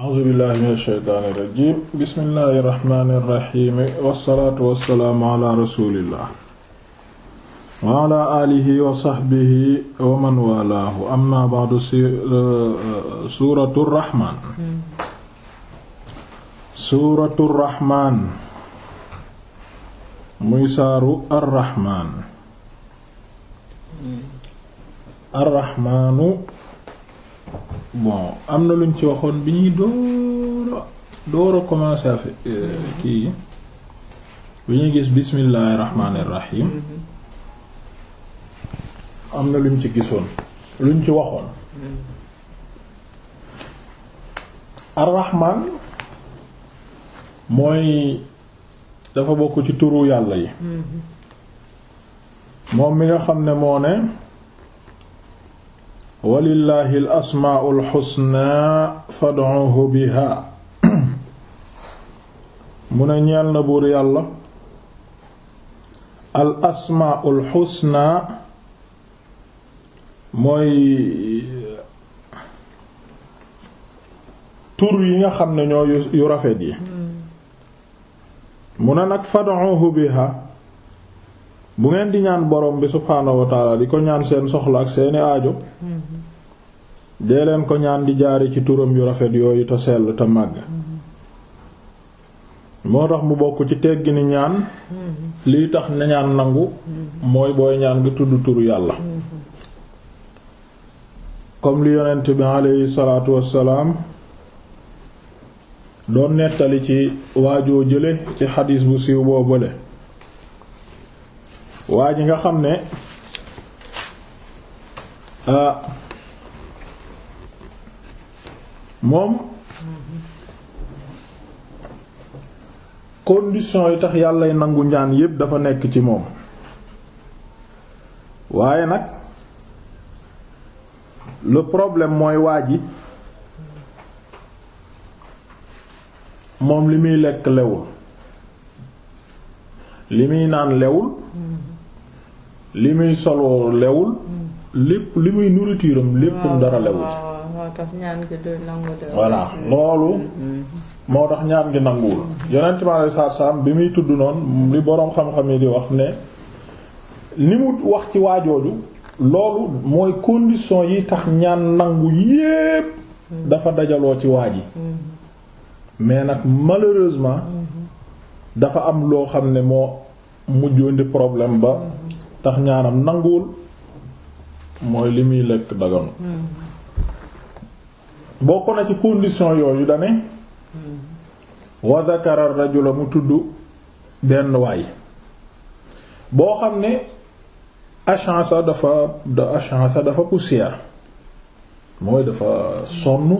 a'uuzu billaahi mina shaytaani rajiim bismillaahi rahmaani rahiim wassalaatu wassalaamu alaa rasuulillah wa alaa aalihi wa sahbihi wa man waalaahu ammaa ba'du uh, suuratu rahmaan suuratu rahmaan muy saaru ar-rahmaan ar-rahmaanu bon am na lu luñ ci waxoon bi ñuy doora doora commencé af euh, kii bi ñuy gis bismillahir rahmanir rahim am na luñ ci gisoon luñ ci waxoon arrahman mooy dafa bokk ci turu yàlla yi mm-hmm. moom mi nga xam ne moo ne walillahi al asmaau alxusna fad'uhu biha mu ne ñeel na buur yàlla al asmaau alxusna mooy tur yi nga xam ne ñoo yu rafet yi mu ne nag fad'uhu biha bu ngeen di ñaan borom bi subhaanahu wa di ko ñaan seen soxla ak seeni aajo dee ko ñaan di jaare ci turam yu rafet yooyu te sell te màgg moo tax mu bokk ci teggi ni ñaan lii tax na ñaan nangu mooy booy ñaan nga tudd turu yàlla comme li yonent bi aleyhi salaatu wassalaam doon nettali ci waajoo jële ci xadiis bu siiw boobale waa ji nga xam ne ah, moom condition yi tax yàllay nangu ñaan yépp dafa nekk ci moom waaye nag le problème mooy waa ji moom li muy lekk lewul li muy naan lewul li muy soloo lewul lépp li muy nourriture am léppam dara lewul moo tax ñaan gi voilà loolu moo tax ñaan gi nanguwul yonent bi alayhi salaatu salaam bi muy tudd noonu li boroom xam-xam yi di wax ne li mu wax ci waajooju loolu mooy condition yi tax ñaan nangu yépp dafa dajaloo ci waaj yi mais nag malheureusement dafa am loo xam ne moo mujjoon di problème ba tax ñaanam nanguwul mooy li muy lekk daganu bokk na ci condition yooyu dane wa dhakara la mu tudd benn waay boo xam ne achansa dafa da achansa dafa poussière mooy dafa sonn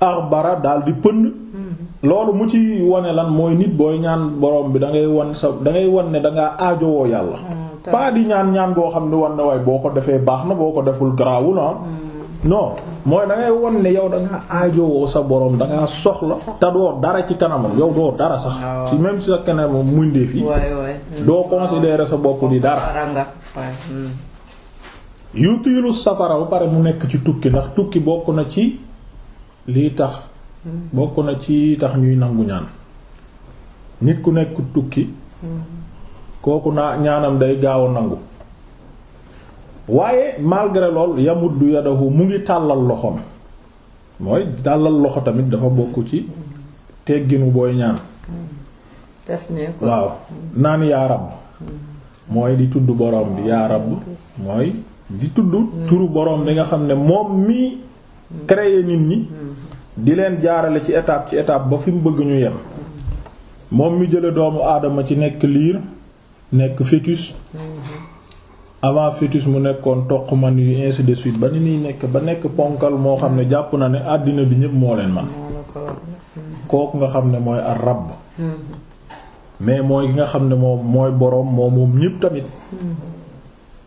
axbara daal di pënd loolu mu ci wane lan mooy nit booy ñaan borom bi da ngay wan sa da ngay wan ne dangaa aajowoo yàlla mm, pas di ñaan ñaan boo xam ne wan ne waaye boo ko defee baax na boo ko deful garaawul ah mm. non mooy da ngay won ne yow da ngaa sa borom da ngaa soxla. te doo dara ci kanamam yow doo dara sax. Ah. ci même si sa kanamam muñ dee fii. Hmm. doo considérer sa bopp di dara. Hmm. yu tiilu safara pare mu nekk ci tukki ndax tukki bokk na ci lii tax. Hmm. bokk na ci tax ñuy nangu ñaan. nit ku nekk tukki. kooku naa ñaanam day gaaw a nangu. waaye malgré lool yamuddu yadahu mu ngi tàllal loxom mooy tàllal loxo tamit dafa bokk ci tegginu booy ñaan waaw naan yaa rab mooy di tudd boroom bi yaa rab mooy di tudd turu boroom bi nga xam ne moom mii créer nit ñi di leen jaarale ci étape ci étape ba fi mu bëgg ñu yem moom mi jële doomu aadama ci nekk liir nekk fœtus avant fœtus mu nekkoon toq man yu ainsi de suite ba ni muy nekk ba nekk ponkal moo xam ne jàpp na ne àddina bi ñépp moo leen man kooku nga xam ne mooy ar-rabb mais mooy ki nga xam ne moom mooy boroom moom moom ñépp tamit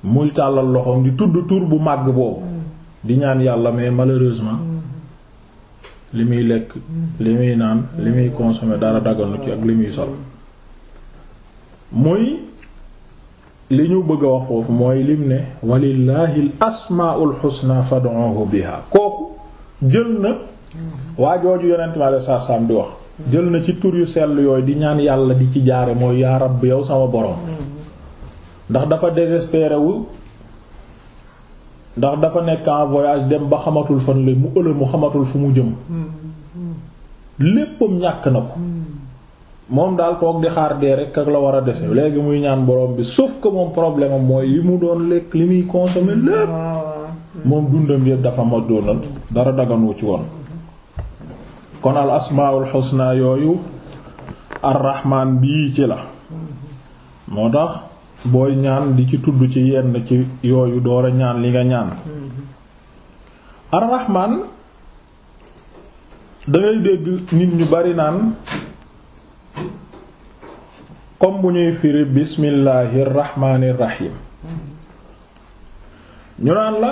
muy tàllal loxoom di tudd tur bu màgg boobu di ñaan yàlla mais malheureusement li muy lekk li muy naan li muy consommer dara daganu ci ak li muy sol li ñu bëgg a wax foofu mooy lim ne walillahi al asmaul husna fad'uhu biha kooku jël na waa jooju yonent mi alayhi salaam di wax jël na ci tur yu sell yooyu di ñaan yàlla di ci jaare mooy yaa rabb yow sama borom ndax dafa désespéré ndax dafa nekk en dem ba xamatul fan la mu ëllëg xamatul fu mu jëm mm-hmm. léppam ñàkk na ko mm-hmm. moom daal kook di xaar dee rek ak la war a dese léegi muy ñaan borom bi sauf que moom problème am mooy yi mu doon lekk li muy consommer lépp ah. moom dundam yëpp dafa ma doonal dara daganu ci woon kon al asmaul xusna yooyu arrahman bii ci la moo tax booy ñaan di ci tudd ci yenn ci yooyu door a ñaan li nga ñaan arrahman dangay dégg nit ñu bari naan comme bu ñuy firi bismillaahir rahmaanir rahiim ñu naan la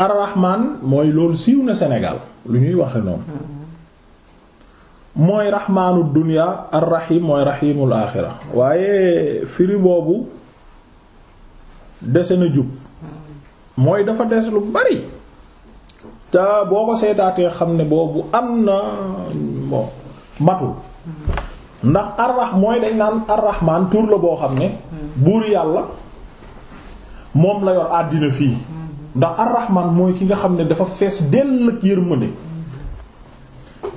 arrahmaan mooy loolu siiw na Sénégal lu ñuy waxe noonu mooy rahmaanu dunya arrahim mooy rahimul aaxira waaye firi boobu dese na jub mooy dafa des lu bari te boo ko seetaatee xam ne boobu am na bon matul ndax arrax mooy dañ naan arrahman tur la boo xam ne buur yàlla moom la yor àddina fii ndax arrahman mooy ki nga xam ne dafa fees dell ak yërmande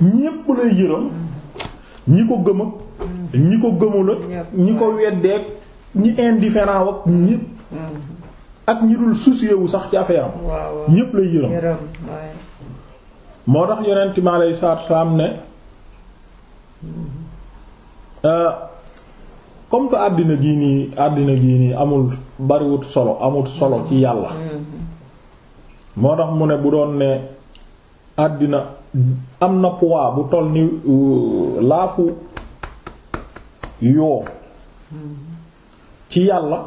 ñépp lay yërëm ñi ko gëm ñi ko gëmul ñi ko weddeek ñi indifférent ak ñépp ak ñi dul soucier wu sax ci affaire am ñépp lay yërëm moo tax yonent mi alayhi salaatu ne hmm. Euh, comme que àddina gii nii àddina gii nii amul bariwut solo amut solo ci yàlla mm-hmm. moo tax mu ne bu doon ne àddina am na poids bu toll ni euh, laafu yoo mm-hmm. ci yàlla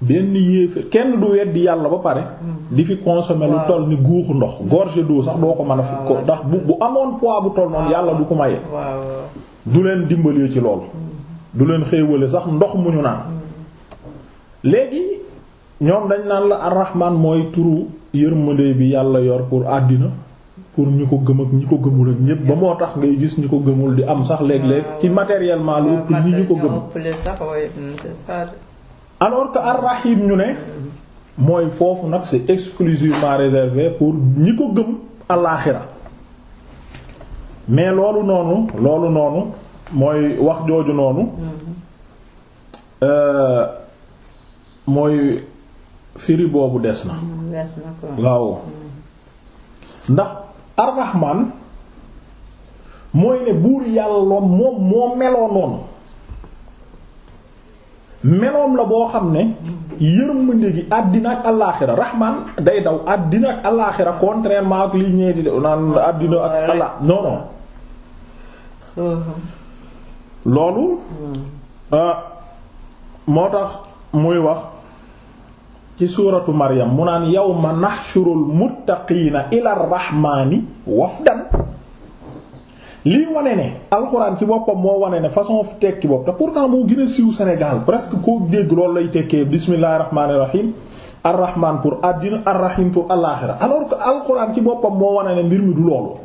benn yéefe kenn du weddi yàlla ba pare mm-hmm. di fi consommer lu toll ni guuxu ndox gorge doo sax doo ko mën a fi ko ndax bu bu amoon poids bu toll noonu yàlla du ko maye du leen dimbali ci lool du leen xéewale sax ndox mu ñu naan léegi ñoom dañ naan la arrahman mooy turu yërmande bi yàlla yor pour àddina pour ñu ko gëm ak ñi ko gëmul ak ñépp ba moo tax ngay gis ñu ko gëmul di am sax léeg-léeg ci matériellement lu ëpp ñi ñu ko gëm alors que arrahim ñu ne mooy foofu nag c'est exclusivement réservé pour ñi ko gëm alaaxira mais loolu noonu loolu noonu mooy wax jooju noonu mhm. euh, mooy firi boobu des na mhm, waaw mhm. ndax arrahman mooy ne buur yàlla moom moo meloo noonu meloom la boo xam ne yërmande gi àddina ak alaaxira rahman day daw àddina ak alaaxira contrairement ak li ñee di naan àddina ak allah non loolu hmm. ah, moo tax muy wax ci suuratu Maryam mu naan yawma nahshurul muttaqiina ilar rahmaani wafdan lii wane ne alxuraan ci boppam moo wane ne façon tekki bopp te pourtant moo gën a siiw senegal presque koo dégg loolu lay tekkee bismillahir rahmanir rahim arrahman pour àddina arrahim pour alaaxira alors que alxuraan ci boppam moo wane ne mbir mi du loolu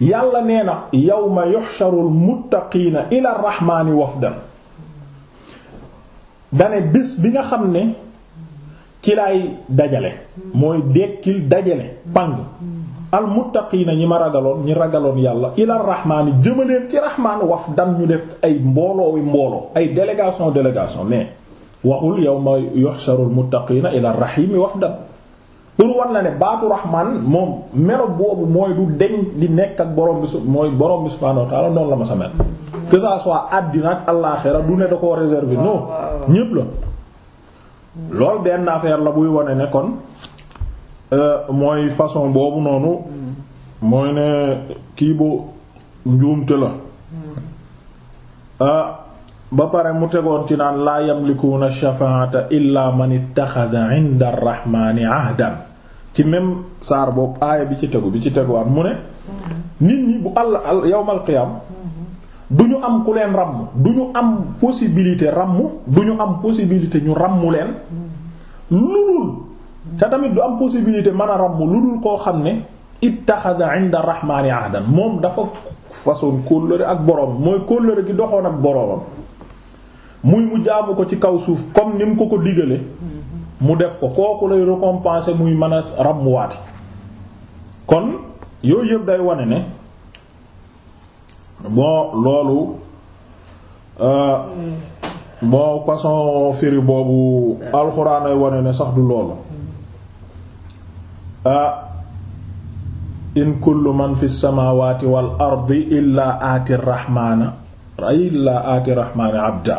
yàlla nee na yawma yuhsharul muttaqiina ila rahmaani wafdan dane bés bi nga xam ne ci laay dajale mooy dekkil dajale pang al muttaqiina ñi ma ragaloon ñi ragaloon yàlla ila rahmaani jëmaleen ci rahmaan wafdan ñu def ay mbooloo wi mbooloo ay délégation délégation mais waxul yawma yuhsharul muttaqiina ila rahimi wafdan pour wan la ne baatu rahman moom melo boobu mooy du deñ di nekk ak borom bi su mooy borom bi subhaanahu wa ta'ala la ma sa mel que ça soit àddina ak àllaxira du ne da koo réserver non ñépp la loolu benn affaire la buy wane nekkoon euh, mooy façon boobu noonu mooy ne kii bu njuumte la hmm. euh, ba pare mu tegoon ci naan laa yamlikuuna shafaata illa man ittaxada inda arrahmaani ahdan ci même saar boobu aaya bi ci tegu bi ci teguwaat mu ne nit ñi bu àll al yawmal qiyam du ñu am ku leen ràmm du ñu am possibilité ràmm du ñu am possibilité ñu ràmmu leen ludul te tamit du am possibilité mën a ràmm ludul koo xam ne ittaxada inda rahmaani ahdan moom dafa façon kóllëre ak boroom mooy kóllëre gi doxoon ak boroomam muy mu jaamu ko ci kaw suuf comme ni mu ko ko digale mu def ko kooku lay récompenser muy man a rab mu waate kon yooyu yëpp day wane ne bon loolu euh, bon façon firi boobu alxuraan ay wane ne sax du loolu ah in kullu man fi samawati wal ardi illaa aati rahmaana illaa aati rahmaani abda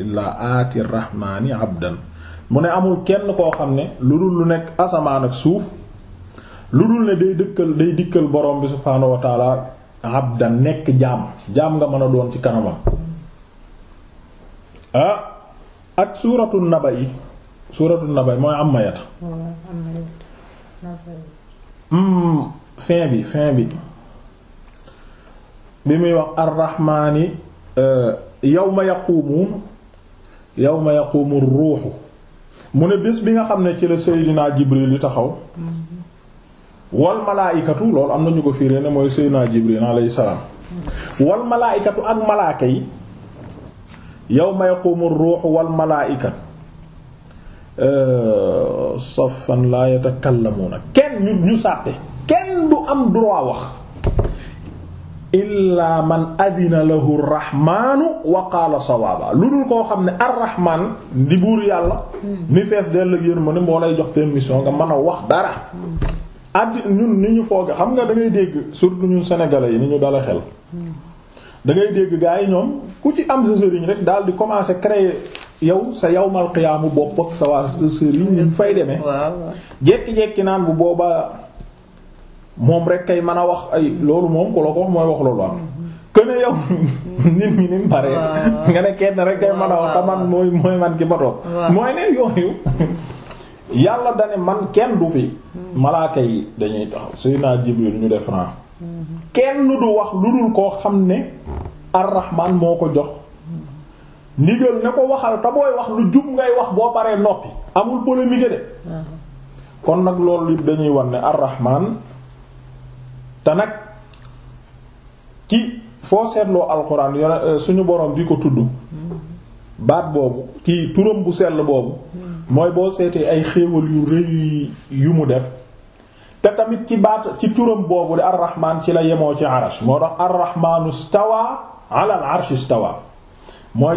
illaa aati rahmaani abdan mu ne amul kenn koo xam ne lu dul lu nekk asamaan ak suuf lu dul ne day dëkkal day dikkal borom bi subhaanahu wa taala abda nekk jaam jaam nga mën a doon ci kanamam ah, ak suuratu naba yi suuratu naba yi mooy am mayat hmm, fin bi fin bi bi muy wax arrahmaani eh, yawma yaqumu yawma yaqumu ruuxu mu ne bés bi nga xam ne ci la Seydina Jibril yi taxaw wal malaaykatu loolu am na ñu ko fiiree ne mooy Seydina Jibril alayhi salaam wal malaaykatu ak malaaka yi yawma yaqumu ruuxu wal malaaykatu euh, safan laa yatakallamuuna kenn ñu sàppe kenn du am droit wax illaa man adina lahu rahmaanu wa qaala sawaaba lu dul koo xam ne arrahmaan di buur yàlla mi fees dell ak yërmande moo lay jox permission nga man a wax dara addi ñun ni ñu fooge xam nga da dégg surtout ñun sénégalais yi ni ñu dala xel da ngay dégg gars yi ñoom ku ci am sa sëriñ rek daal di commencer créer yow sa yawmal qiyaamu bopp ak sa waa sëriñ ñu fay demee jekki-jekki naan bu boobaa moom rek kay mën a wax ay loolu moom ku la ko wax mooy wax loolu ni pare kenn mën a wax man mooy mooy man ki ma toog mooy ne man kenn du fi malaaka dañuy taxaw Seydina Jibril ñu def ran kenn du wax lu koo xam ne arrahman moo ko jox ndigal ne ko waxal te booy wax lu jub ngay wax boo paree noppi amul polémique de kon nag loolu dañuy wan ne arrahman te nag ci foo seetloo alxuraan yone euh, suñu boroom bi ko tudd baat boobu kii turam bu sell boobu mooy boo seetee ay xéewal yu rëy yu mu def te tamit ci baat ci turam boobu de arrahman ci la yemoo ci arash moo tax arrahmanu stawa ala al arsh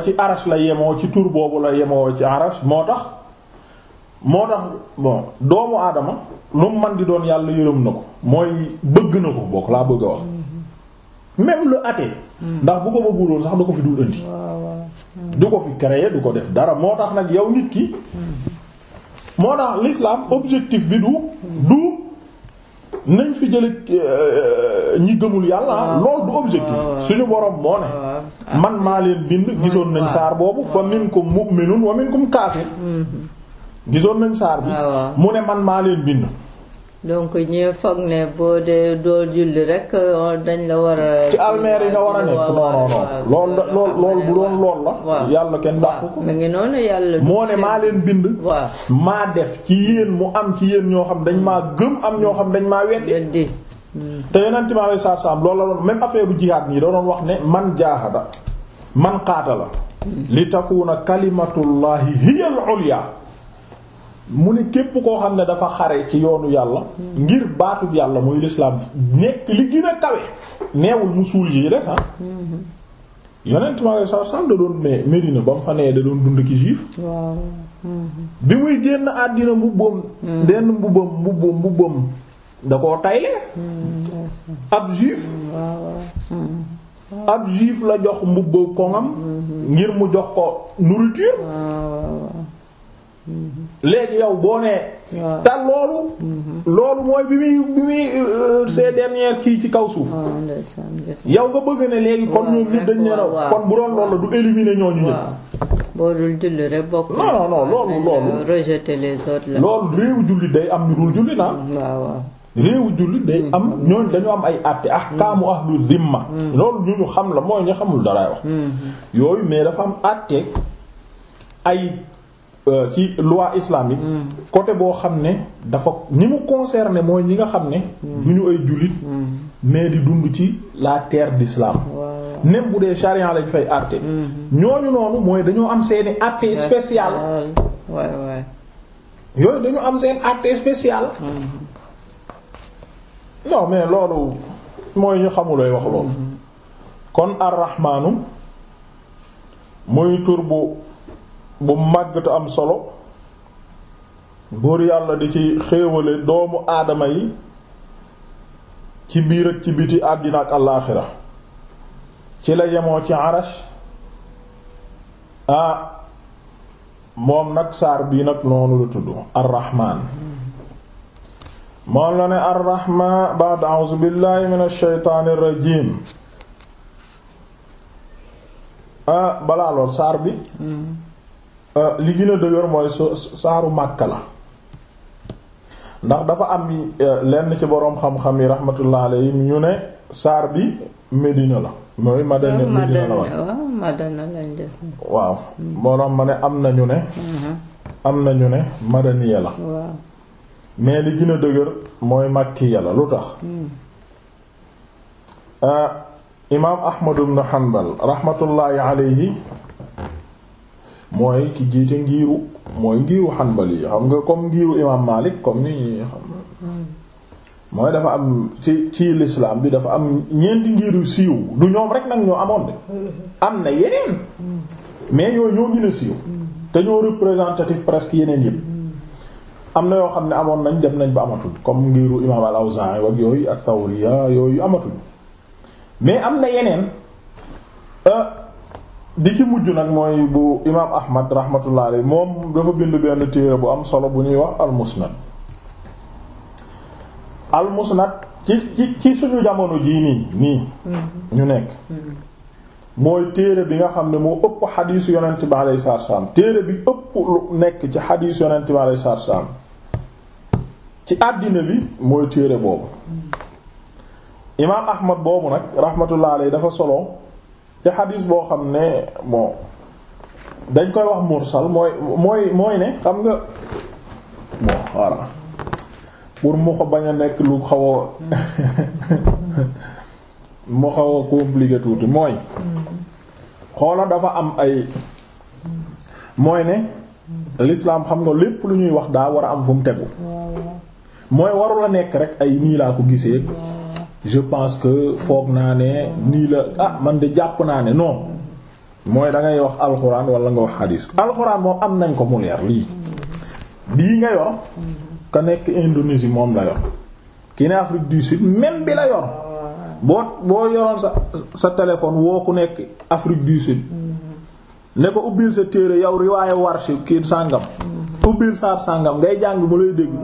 ci arash la yemoo ci tur boobu la yemoo ci moo tax moo tax bon doomu aadama lu mu man di doon yàlla yërëm na ko mooy bëgg na ko bokk laa bëgg a wax même le athée ndax bu ko bëgguloon sax du ko fi dul indi du ko fi créer du ko def dara moo tax nag yow nit ki moo tax l'islam objectif bi du du nañ fi jële euh, ñi gëmul yàlla ah, ah, lool du objectif ah, suñu borom moo ne man maa leen bind gisoon nañ saar boobu fa minkum mu'minun wa minkum kaafir mm-hmm. gisoon nañ saar bi ah, mu ne man maa leen bind donc ñi foog ne boo dee doo julli rek euh, dañ la war a. ci almeer yi nga war a nekk non non non loolu la lool lool bu doon lool la. yàlla kenn dàq mu ngi noonu yàlla. moo ne maa leen bind. waaw maa def ci yéen mu am ci yéen ñoo xam dañ maa gëm am ñoo xam dañ maa weddi. Hmm. te yeneen temins yu saa saa loolu la doon même affaire bu jihaad nii da doon wax ne man jaahada man qaatala. Hmm. li takuuna kalimatullahi hiya al-ulya mu ne képp koo xam ne dafa xare ci yoonu yàlla ngir baatub yàlla muy lislaam nekk li gën a kawe neewul mu suul yi des ah mm-hmm. yonent mi alei da doon mu fa nee da doon dund ki juif mm-hmm. bi muy génn àddina mbubbam mm. denn mbubbam mbubbam da koo tayle mm-hmm. ab juif ab juif la jox mbubba koŋam ngir mu jox ko nourriture léegi yow boo nee. te loolu. Mhm. loolu mooy bi muy bi muy euh, ces dernières kii ci kaw suuf. yow nga bëgg na léegi kon ñoom ñun dañ ne raw kon bu doon loolu la du ñoo ñooñu ñëpp. boo dul julli rek bokk. non loolu loolu. rejeter les la. loolu réewu julli day am ñu dul julli naa. waaw waaw. day am mhm. ñooñ dañu am ay àtte ahkaamu mhm. ahlu zimma loolu ñu ñu xam la mooy ñu xamul daraay yooyu mais dafa am àtte ay Euh, ci loi islamique. Mm. côté boo xam ne dafa ñi mu concerné mooy ñi nga xam ne. Mm. du ñu ay jullit. Mm. mais di dund ci la terre d'islam. même bu dee charia lañ fay àtte. Mm-hmm. ñooñu noonu mooy dañoo am seeni àtte spécial. yooyu dañu am seen àtte spécial. Mm-hmm. non mais loolu mooy ñu xamulay wax loolu. Mm-hmm. kon ar-rahmaanu muy bu màgg am solo buur yàlla di ci xéewale doomu aadama yi ci biir ak ci biti àddina ak allaaxira ci la yemoo ci arash ah moom nag saar bii nag noonu la tudd arrahmaan moom la ne arrahmaan ba'd a'uuzu billaahi minash shaytaanir rajiim ah, balaa lool saar bi hmm. Euh, li gën a dëgër mooy saaru Makka la ndax dafa am euh, lenn ci boroom xam-xam yi rahmatullah alayhim ñu ne saar bi Medina la mooy Madana Medina la waaw moo ma ne am na ñu ne mhm. am na ñu ne madaniya la mais li gën a dëgër mooy makkiya la lu tax hmm. euh, imaam Ahmad ibn Hanbal rahmatullahi alayhi mooy ki jiite ngiiru mooy ngiiru xanbali yi xam nga comme ngiiru imaam Malik comme ni xam mooy dafa am ci ci l'islam bi dafa am ñeenti ngiiru siiw du ñoom rek nag ñoo amoon de am na yeneen mais yooyu ñoo gën a siiw te ñoo représentatif presque yeneen yëpp am na yoo xam ne amoon nañ dem nañ ba amatuñ comme ngiiru imaam al-Awzaa'i wak yooyu ath-Thawriya yooyu amatuñ mais am na yeneen euh, di ci mujj nag mooy bu imaam ahmad rahmatullah alayhi moom dafa bind benn téere bu am solo bu ñuy wax almusnad almusnad ci ci ci suñu jamono jii nii nii mm-hmm. ñu nekk mm-hmm. mooy téere bi nga xam ne moo ëpp xadiis yonent bi alayhi salaatu salaam téere bi ëpp lu nekk ci xadiis yonent bi alayhi salaatu salaam ci àddina bi mooy téere boobu mm-hmm. imaam ahmad boobu nag rahmatullah alayhi dafa solo ci xadis boo xam ne bon dañ koy wax mursal mooy mooy mooy ne xam nga bon voilà pour mu ko bañ a nekk lu xaw a mu xaw a tuuti mooy xoola dafa am ay mooy ne lislaam xam nga lépp lu ñuy wax daa war a am fu mu tegu mooy warul a nekk rek ay nii laa ko gisee. je pense que foog naa ne nii la ah man de jàpp naa ne non mooy da ngay wax alxuraan wala nga wax xadiis alxuraan moom am nañ ko mu leer lii bii nga yor ka nekk Indonésie moom la yor ki ne Afrique du Sud même bi la yor boo boo yoroon sa sa téléphone woo ku nekk Afrique du Sud ne ko ubbil sa téere yow riwaayu warshi kii sàngam ubbil saar sàngam ngay jàng mu lay déglu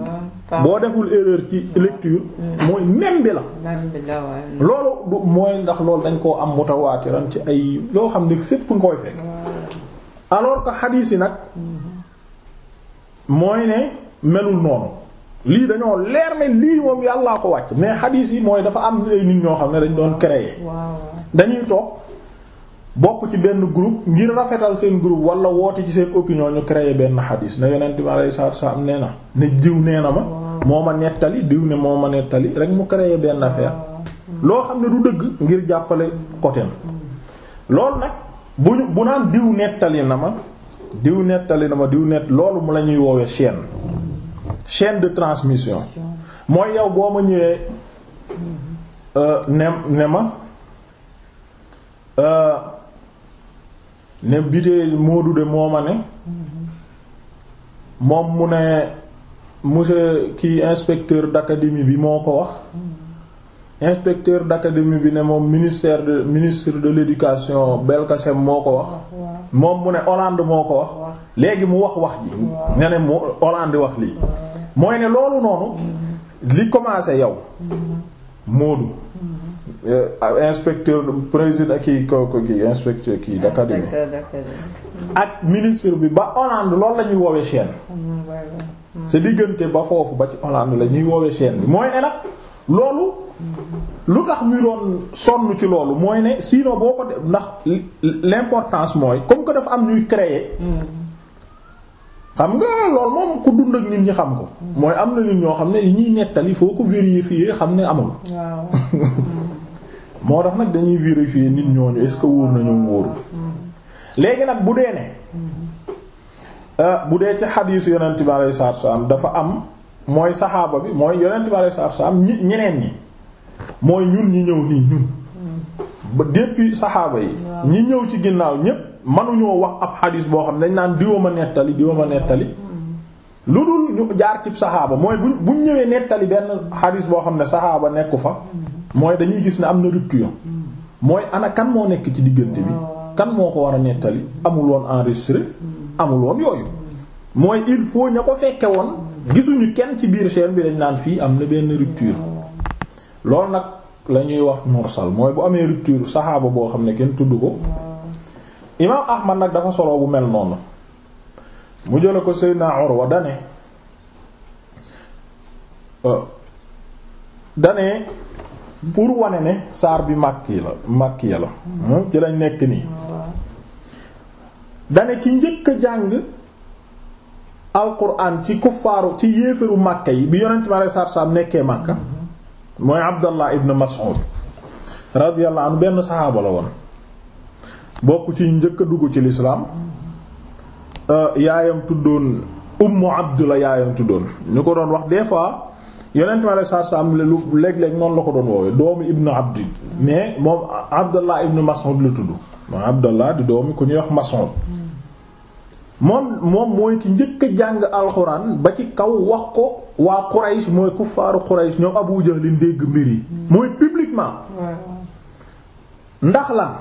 boo deful erreur ci lecture hmm. mooy même bi la loolu mooy ndax loolu dañ koo am mutawaatiran ci ay yoo xam ne fépp nga koy fekk alors que xadiis nag hmm. mooy ne melul noonu lii dañoo leer ne lii moom yàllaa ko wàcc mais xadiis yi mooy dafa am ay nit ñoo xam ne dañ doon créer dañuy toog bokk ci benn group ngir rafetal seen group wala woote ci seen opinion ñu créer benn xadis na yonent bi alayhi salaatu salaam nee na ne diw nee na ma moo ma nettali diw ne moo ma nettali rek mu créer benn affaire loo xam ne du dëgg ngir jàppale côté loolu nag bu bu naan diw nettali na ma diw nettali na ma diw nett loolu mu la ñuy woowee chaîne chaîne de transmission mooy yow boo ma ñëwee euh, ne ne ma. Euh, ne biteel Moodu de moo ma ne moom mu ne monsieur kii inspecteur d'académie bi moo ko wax inspecteur d'académie bi ne moom ministère de ministre de l'éducation Belkacem moo ko wax moom mu ne Hollande moo ko wax léegi mu wax wax ji nga ne mu Hollande wax lii mooy ne loolu noonu li commencé yow Moodu Euh, ah, inspecteur président kii ko ko kii inspecteur kii d'académie ak ministre bi ba Hollande loolu lañuy ñuy woowee chaîne mm, mm. sa diggante ba foofu ba ci Hollande la ñuy woowee chaîne bi mooy ne nag loolu lu tax ñu doon sonn ci loolu mooy ne sinon boo ko def ndax l'importance mooy comme que def am ñuy créer mm. xam nga loolu moom ku dund ak nit ñi xam ko mooy am na nit ñoo xam ne yi ñuy nettali foo ko vérifier xam ne amul moo tax nag dañuy vérifier nit ñooñu est-ce que wóor nañu wóorul léegi nag bu dee ne euh, bu dee ci xadiis yonent bi alayhi salaatu salaam dafa am mooy saxaaba bi mooy yonent bi alayhi salaatu ñi ñeneen ñi mooy ñun ñi ñëw nii ñun ba depuis saxaaba yi ñi ñëw ci ginnaaw ñépp mënuñoo wax ab xadiis boo xam ne dañ naan diwa a nettali diwa a nettali lu dul ñu jaar ci saxaaba mooy buñ buñ ñëwee nettali benn xadis boo xam ne saxaaba nekku fa mooy dañuy gis ne am na rupture mooy ana kan moo nekk ci diggante bi kan moo ko war a nettali amul woon enregistré amul woon yooyu mooy il faut ña ko fekke woon gisuñu kenn ci biir chaîne bi dañ naan fii am na benn rupture loolu nag la ñuy wax mursal mooy bu amee rupture saxaaba boo xam ne kenn tudd ko imaam Ahmad nag dafa solo bu mel noonu. mu jëla ko Seydina Urwa dane euh, dane pour wane ne saar bi màkki la màkki ya la hmm, ci lañ nekk nii dane ki njëkk a jàng alquran ci kuffaaru ci yéefaru màkka yi bi yonent bi aleyhi salaatu salaam nekkee màkka mooy Abdallah ibn Mas'ud radiyallahu anhu benn saxaaba la woon bokk ci njëkk a dugg ci lislaam Euh, yaayam tuddoon ummu abdu la yaayam tuddoon ñu ko doon wax des fois yonent ma la saa saa am lu léeg-léeg noonu la ko doon woowee doomu ibnu abdi mais moom abdallah ibnu mas'ud la tudd moom abdallah di doomi ku ñuy wax mas'ud moom moom mooy ki njëkk a jàng alxuraan ba ci kaw wax ko waa Quraysh mooy kuffaaru Quraysh ñoom Abu Jahl dégg mbir yi mooy publiquement ndax lan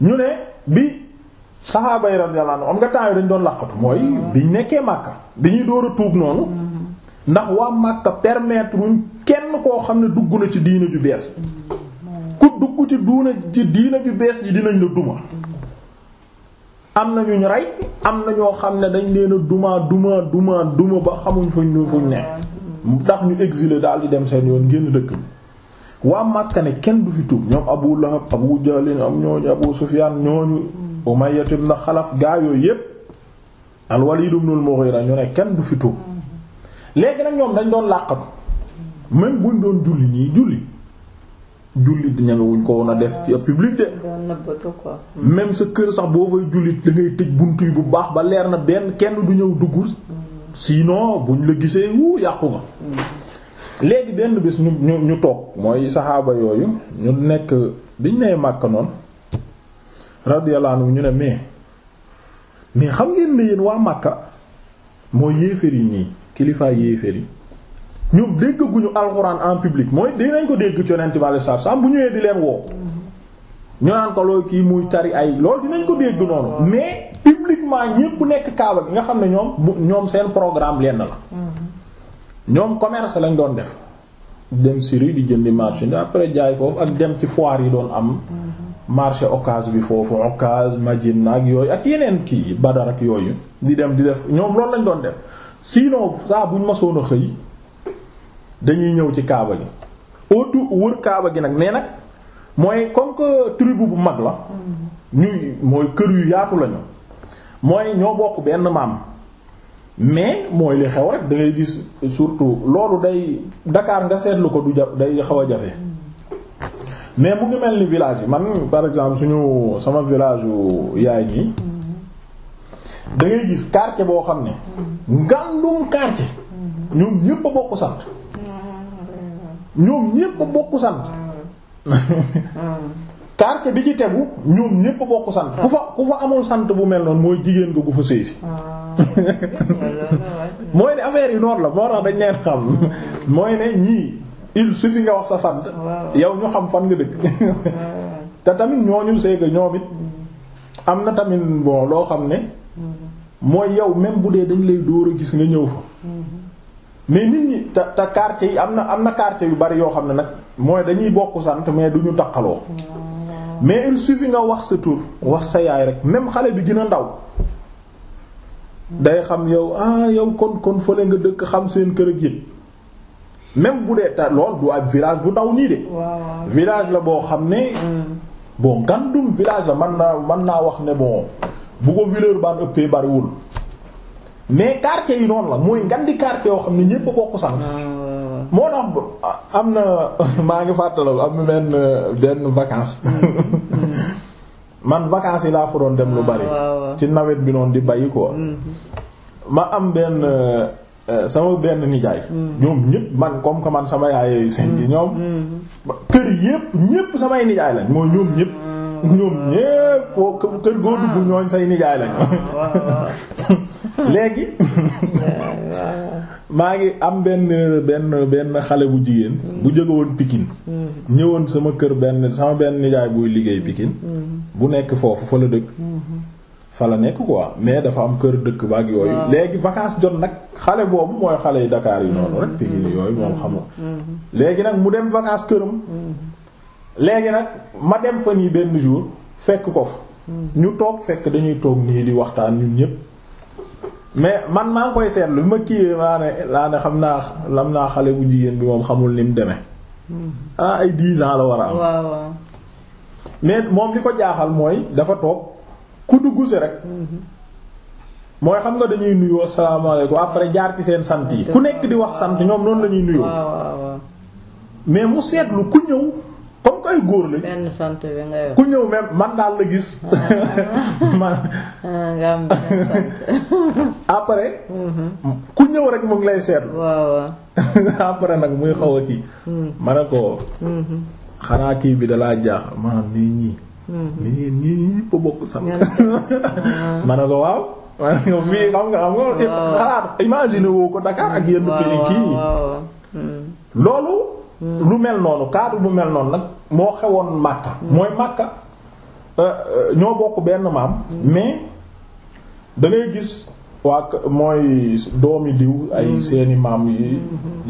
ñu ne bi saxaaba yi radiyallahu anhum nga temps yi dañ doon laqatu mooy bi ñu nekkee Makka dañuy door a tuub noonu ndax waa Makka permettre wuñ kenn koo xam ne dugg na ci diina ju bees ku dugg ci duuna ci diina ju bees ji dinañ la duma am na ñu ñu rey am na ñoo xam ne dañ leen a duma duma duma duma ba xamuñ fuñ ñu fuñ ne ndax ñu exilé daal di dem seen yoon génn dëkk bi waa Makka ne kenn du fi tuub ñoom Abu Lahab Abu Jahl ñoom ñooñu Abu Sufyan ñooñu Umayya ibn Xalaf gaa yooyu yépp al-Walid ibn al-Mughira ñu ne kenn du fi tuub léegi nag ñoom dañ doon làqatu même buñ doon julli ñii julli julli ñeme wuñ ko woon a def ci public de hmm. même sa kër sax boo fay jullit da tëj bunt yi bu baax ba leer na benn kenn du ñëw dugg hmm. sinon buñ la gisee wu yàqu nga hmm. léegi benn bés ñu ñu toog mooy saxaaba yooyu ñu nekk biñ nee màkk noonu radiyallahu anhu ñu ne mais mais xam ngeen ne yéen waa Makka mooy yéeféer yi ñii kilifa yéeféer yi ñoom déggaguñu alxuraan en public mooy dinañ ko dégg ci yonent bi sallallahu bu ñëwee di leen woo. ñu naan ko loolu kii muy tari ay lool dinañ ko dégg noonu. mais publiquement ñépp nekk kaaba bi nga xam ne ñoom ñoom seen programme lenn la. ñoom commerce lañ doon def. dem Syrie di jëndi marché après jaay foofu ak dem ci foir yi doon am. marché ocase bi foofu Ocass Madina ak yooyu ak yeneen kii Badar ak yooyu di dem di def ñoom loolu lañ doon def sinon saa buñ masoon a xëy dañuy ñëw ci kaaba gi otu wër kaaba gi nag nee nag mooy comme que tribu bu mag la ñuy mooy kër yu yaatu lañu mooy ñoo bokk benn maam mais mooy li xew rek dangay gis surtout loolu day Dakar nga seetlu ko du ja day xaw a jafe mais mu ngi mel ni village yi man par exemple suñu sama village yu yaay nii da gis quartier boo xam ne ngàndum quartier ñoom ñépp a bokk sant ñoom ñépp a bokk sant quartier bi ci tegu ñoom ñépp a bokk sant ku fa ku fa amul sant bu mel noonu mooy jigéen ko gu fa sëy si ah, mooy ne affaire yu noor la moo tax dañ leen xam mooy ne ñii il suffit nga wax sa sant yow ñu xam fan nga dëkk te tamit ñooñu c'est que ñoom it am na tamit bon loo xam ne mm-hmm. mooy yow même bu dee dañ lay dóor a gis nga ñëw fa mm-hmm. mais nit ñi te te quartier yi am na am na quartier yu bari yoo xam ne nag mooy dañuy bokk sant mais du ñu takkaloo mm-hmm. mais il suffit nga wax sa tur wax sa yaay rek même xale bi gën a ndaw day xam yow ah yow kon kon fële nga dëkk xam seen kër ak yëpp même bu dee ta lool du ab village bu ndaw nii de. village la boo xam ne. Hmm. bon gandum village la man naa mën naa wax ne boo bu ko Villeurbanne ëppee bariwul mais quartier yi noon la mooy ngandi quartier yoo xam ne ñépp a bokk sànq. Ah, moo tax am na maa ngi fàttaliku am benn benn vacance hmm, hmm. man vacance yi laa fa doon dem lu ah, bari. ci nawet bi noonu di bayi quoi. ma am benn. Euh, sama benn nijaay. Hmm. ñoom ñëpp man comme que man sama yaay seen gi hmm. ñoom. Hmm. kër yépp ñëpp samay nijaay lañ mooy ñoom ñëpp. ñoom ñëpp foo kër goo dugg ñooñ say nijaay lañ. léegi maa ngi am benn benn benn xale bu jigéen. bu jóge woon Pikine. ñëwoon sama kër benn sama benn nijaay buy liggéey Pikine. bu nekk foofu fa la dëkk. fala la nekk quoi mais dafa am kër dëkk ba ak yooyu. léegi vacances jot nag xale boobu mooy xale yu Dakar yu noonu rek. Pikine mm-hmm. yooyu moom xamul. Mm-hmm. léegi nag mu dem vacances këram. Mm-hmm. léegi nag ma dem fa nii benn jour fekk ko fa. ñu toog fekk dañuy toog nii di waxtaan ñun ñëpp. mais man maa ngi koy seetlu bi ma kiiwee maa ne laa ne xam naa lam naa xale bu jigéen bi moom xamul ni mu demee. ah ay 10 ans la war a am. waaw mais moom li ko jaaxal mooy dafa toog. ku dugg si rek mooy xam nga dañuy nuyoo asalaamaaleykum après jaar ci seen sant yi ku nekk di wax sant ñoom noonu la ñuy nuyoo mais mu seetlu ku ñëw comme que ay góor lañ. sant bi ku ñëw même man daal la gis. man ah, nga ku ñëw rek mu ngi lay seetlu. waaw nag muy xaw a kii. Hmm. ma ne ko. Hmm, hmm. xanaa kii bi dalaa jaaxal maanaam nii ñii. nii nii yëpp a bokk sama ah. ma ne ko waaw ma ne ko fii xam nga xam nga xalaat imagine woo ko Dakar ak yenn pays kii hmm. loolu hmm. lu mel noonu cadre bu mel noonu nag moo xewoon Makka hmm. mooy Makka euh, euh, ñoo bokk benn maam mais da ngay gis waa mooy doomi diw ay seeni maam yi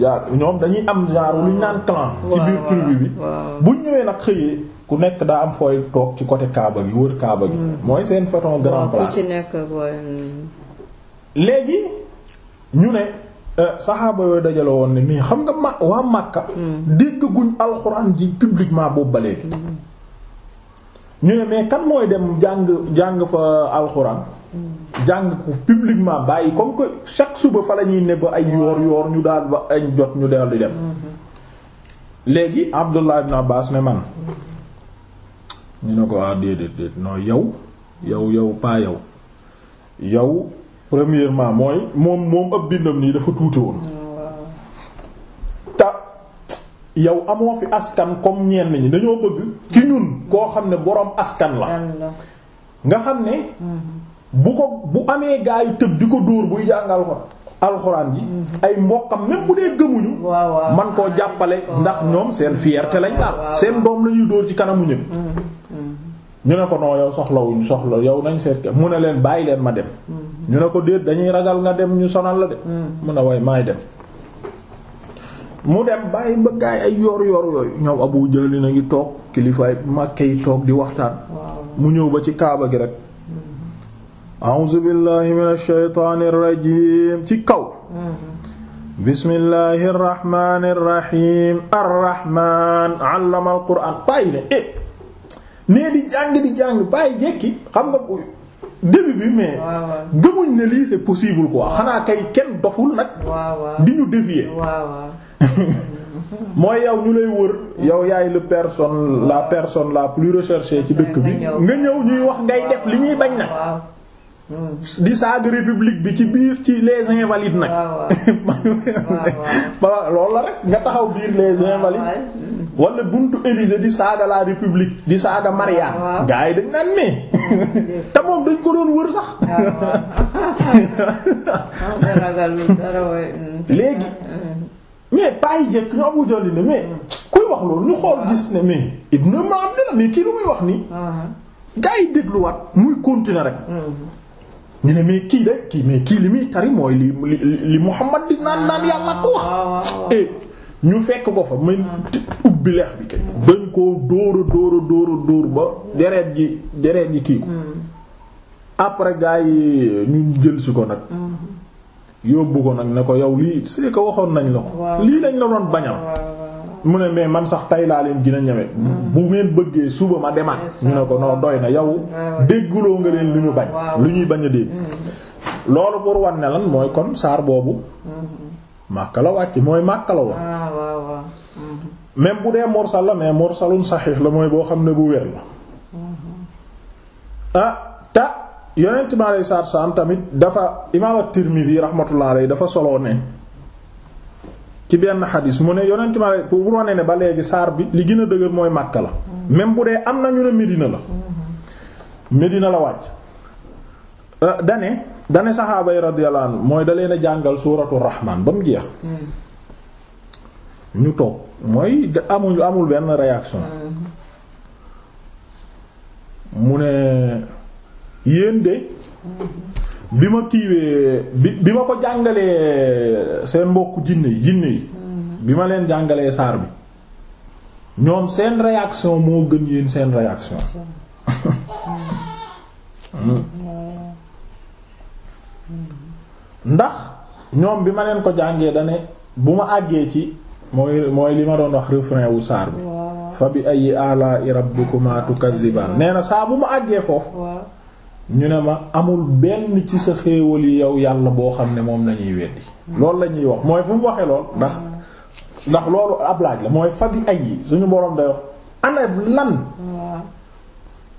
yaa ñoom dañuy am genre lu ñu naan clan ci biir tribu bi bu ñëwee nag xëyee ku nekk daa am fooy toog ci côté Kaaba gi wër Kaaba gi. Mm. mooy seen photon grand place ku ci nekk mm. léegi ñu ne euh, saxaaba yooyu dajale woon ne nii xam nga ma waa Makka. Mm. dégg guñ alxuraan ji publiquement boobu ba léegi. ñu ne mais kan mooy dem jàng jàng fa alxuraan. jàng ko publiquement bàyyi comme que chaque suba fa la ñuy ne ba ay yoor yoor ñu daal ba ay jot ñu daal di dem. Mm-hmm. léegi Abdullah ibn Abbas ne man. Mm-hmm. ñu ne ko ah déedéet déet non yow yow yow pas yow yow premièrement mooy moom moom ab bindam nii dafa tuuti woon. ta yow amoo fi askan comme ñenn ñi dañoo bëgg ci ñun koo xam ne boroom askan la. nga xam ne. Mm-hmm. bu ko bu amee gaa yi tëb di ko dóor buy jàngal ko. alxuraan ji mm-hmm. ay mbokkam même bu dee gëmuñu man koo jàppale ndax ñoom seen fierté lañ daal seen doom lañuy dóor ci kanamu ñëpp mm-hmm. ñu ne ko non yow soxlawuñ soxla yow nañ seet mu ne leen bàyyi leen ma dem. Mm-hmm. ñu ne ko déet dañuy ragal nga dem ñu sonal la de. Mm-hmm. mu ne waaye maay dem. mu dem bàyyi ba gaay ay yor-yor yooyu ñoom Abu Jahl na ngi toog kilifaay Makka yi toog di waxtaan. mu ñëw ba ci kaaba gi rek. Mm-hmm. a'uuzu billaahi minash shaytaanir rajiim ci kaw. bismillaahir rahmaanir rahiim ar-rahmaan 'allama quraan bàyyi ne mais di jàng di jàng bàyyi jekki xam nga bu début bi mais. gëmuñ ne lii c'est possible ko xanaa kay kenn doful nag. di ñu dévier. mooy yow ñu lay wër yow yaay le personne la personne la plus recherchée ci dëkk bi nga ñëw ñuy wax ngay def li ñuy bañ nag. di saaga république bi ci biir ci les invalides nag. ba loolu la rek nga taxaw biir les invalides. wala buntu Élysée di saaga la république di saaga Marianne. gars yi dañ naan mais te dañ ko doon wër sax. Mm. léegi. mais pas yi jekk ñu abu jolli ne mais kuy wax loolu ñu xool gis ne mais ibnu maam la mais kii lu muy wax nii. gars yi dégluwaat muy continuer rek. Mm-hmm. ñu ne mais kii de kii mais kii li muy tari mooy li li li Muhammad di naan naan ah. yàlla ko wax e ñu fekk ko fa man ubbi lex bi kay dañ koo dóora dóora dóora dóor ba dereet ji dereet ji kii ko hmm. après gars yi ñu jël si ko nag hmm. yóbbu ko nag ne ko yow lii c'est que waxoon nañ la ko lii lañ la doon bañal mu ne mais man sax tay laa leen gën a bu ngeen bëggee suba ma demaat ñu ne ko noo doy na yow ah, dégguloo nga leen lu ñu bañ lu ñuy bañ a dégg mm. loolu pour wan ne mooy kon saar boobu Makka mm-hmm. la wàcc mooy Makka la woon ah, mm-hmm. même bu dee mursal la mais mursalun saxiix la mooy boo xam ne bu wér la mm-hmm. ah ta yonent mi alayhi salaatu wa salaam tamit dafa imaam at-Tirmidhi rahmatullah alayhi dafa soloo ne ci benn xadis mu ne yonent ma pour wone ne ba léegi saar bi li gën a dëgër mooy Makka la même bu dee am na ñu ne Medina la Medina la wàcc euh, dane dane saxaaba yi mooy da leen a jàngal suuratu Rahmaan ba mu jeex hmm. ñu toog mooy amuñu amul benn réaction hmm. mu ne yéen de hmm. bi ma kiiwee bi bi ma ko jàngalee seen mbokku jinne yi jinne yi mm-hmm. bi ma leen jàngalee saar bi ñoom seen réaction moo gën yéen seen réaction mm. Mm. Mm. Mm-hmm. ndax ñoom bi ma leen ko jàngee dane bu ma àggee ci mooy mooy li ma doon wax refrain wu saar bi fa bi ay ala rabbikuma tukazziban nee na saa bu ma àggee foofu ñu ne ma amul benn ci sa xéewal yi yow yàlla boo xam ne moom lañuy weddi loolu la ñuy wax mooy fu mu waxee lool ndax ndax loolu ab laaj la mooy fabi ay yi suñu boroom day wax ana lan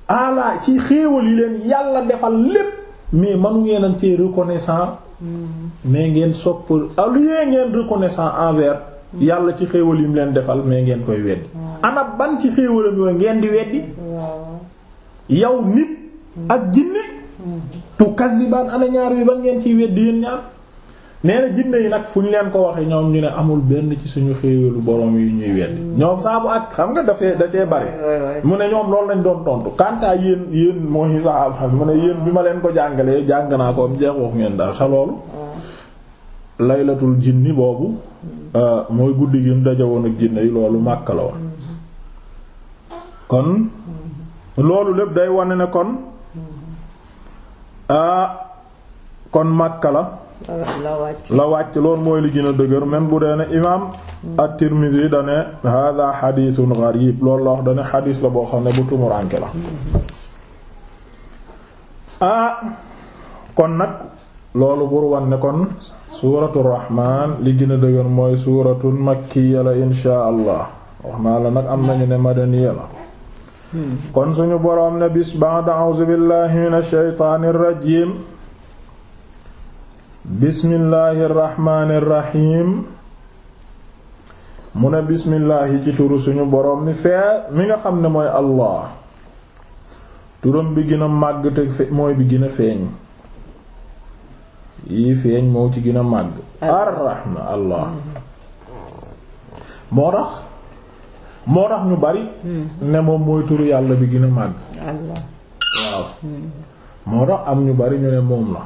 ala ci xéewal yi leen yàlla defal lépp mais manu ngeenam ci reconnaissant mais ngeen sopp au lieu ngeen reconnaissant envers yàlla ci xéewal yi mu leen defal mais ngeen koy weddi ana ban ci xéewalam yooyu ngeen di weddi yow nit ak jinne tukazziban ana ñaar yu ban ngeen ciy weddi yéen ñaar nee na jinne yi nag fu ñu leen ko waxee ñoom ñu ne amul benn ci suñu xéewalu borom yu ñuy weddi mm. ñoom saabu ak xam nga dafee da cee bari mu ne ñoom loolu lañ doon tontu kantaa yéen yéen mooy saaba mu ne yéen bi ma leen ko jàngalee jàng naa ko am jeex wax ngeen daal sa loolu laylatul jinni boobu mm. euh, mooy guddi gi mu dajawoon ak jinne yi loolu màkk la woon mm-hmm. kon mm-hmm. loolu lépp day wane ne kon Ah, kon Makka la la wàcc loolu mooy li gën a dëgër même bu dee ne imaam hmm. at-Tirmidhi da ne hada xadiisun gariib loolu la wax da xadiis la boo xam ne bu tumuranke la ah, kon nag loolu pour wan ne kon suuratu rahmaan li gën a dëgër mooy suuratun makkiya la inshaa allah wax naa la nag am nañu ne madaniya la kon suñu boroom ne bis ba'da a'uuzu billahi minash shaytaanir rajiim bismillaahir rahmaanir rahiim mu ne bismillaahi ci turu suñu boroom mi fee mi nga xam ne mooy Allah turam bi gën màgg te mooy bi gën feeñ yii feeñ moo ci gën a màgg ar Allah moo tax moo tax ñu bari ne moom mooy turu yàlla bi gën a màgg waaw hmm. moo tax am ñu bari ñu ne moom la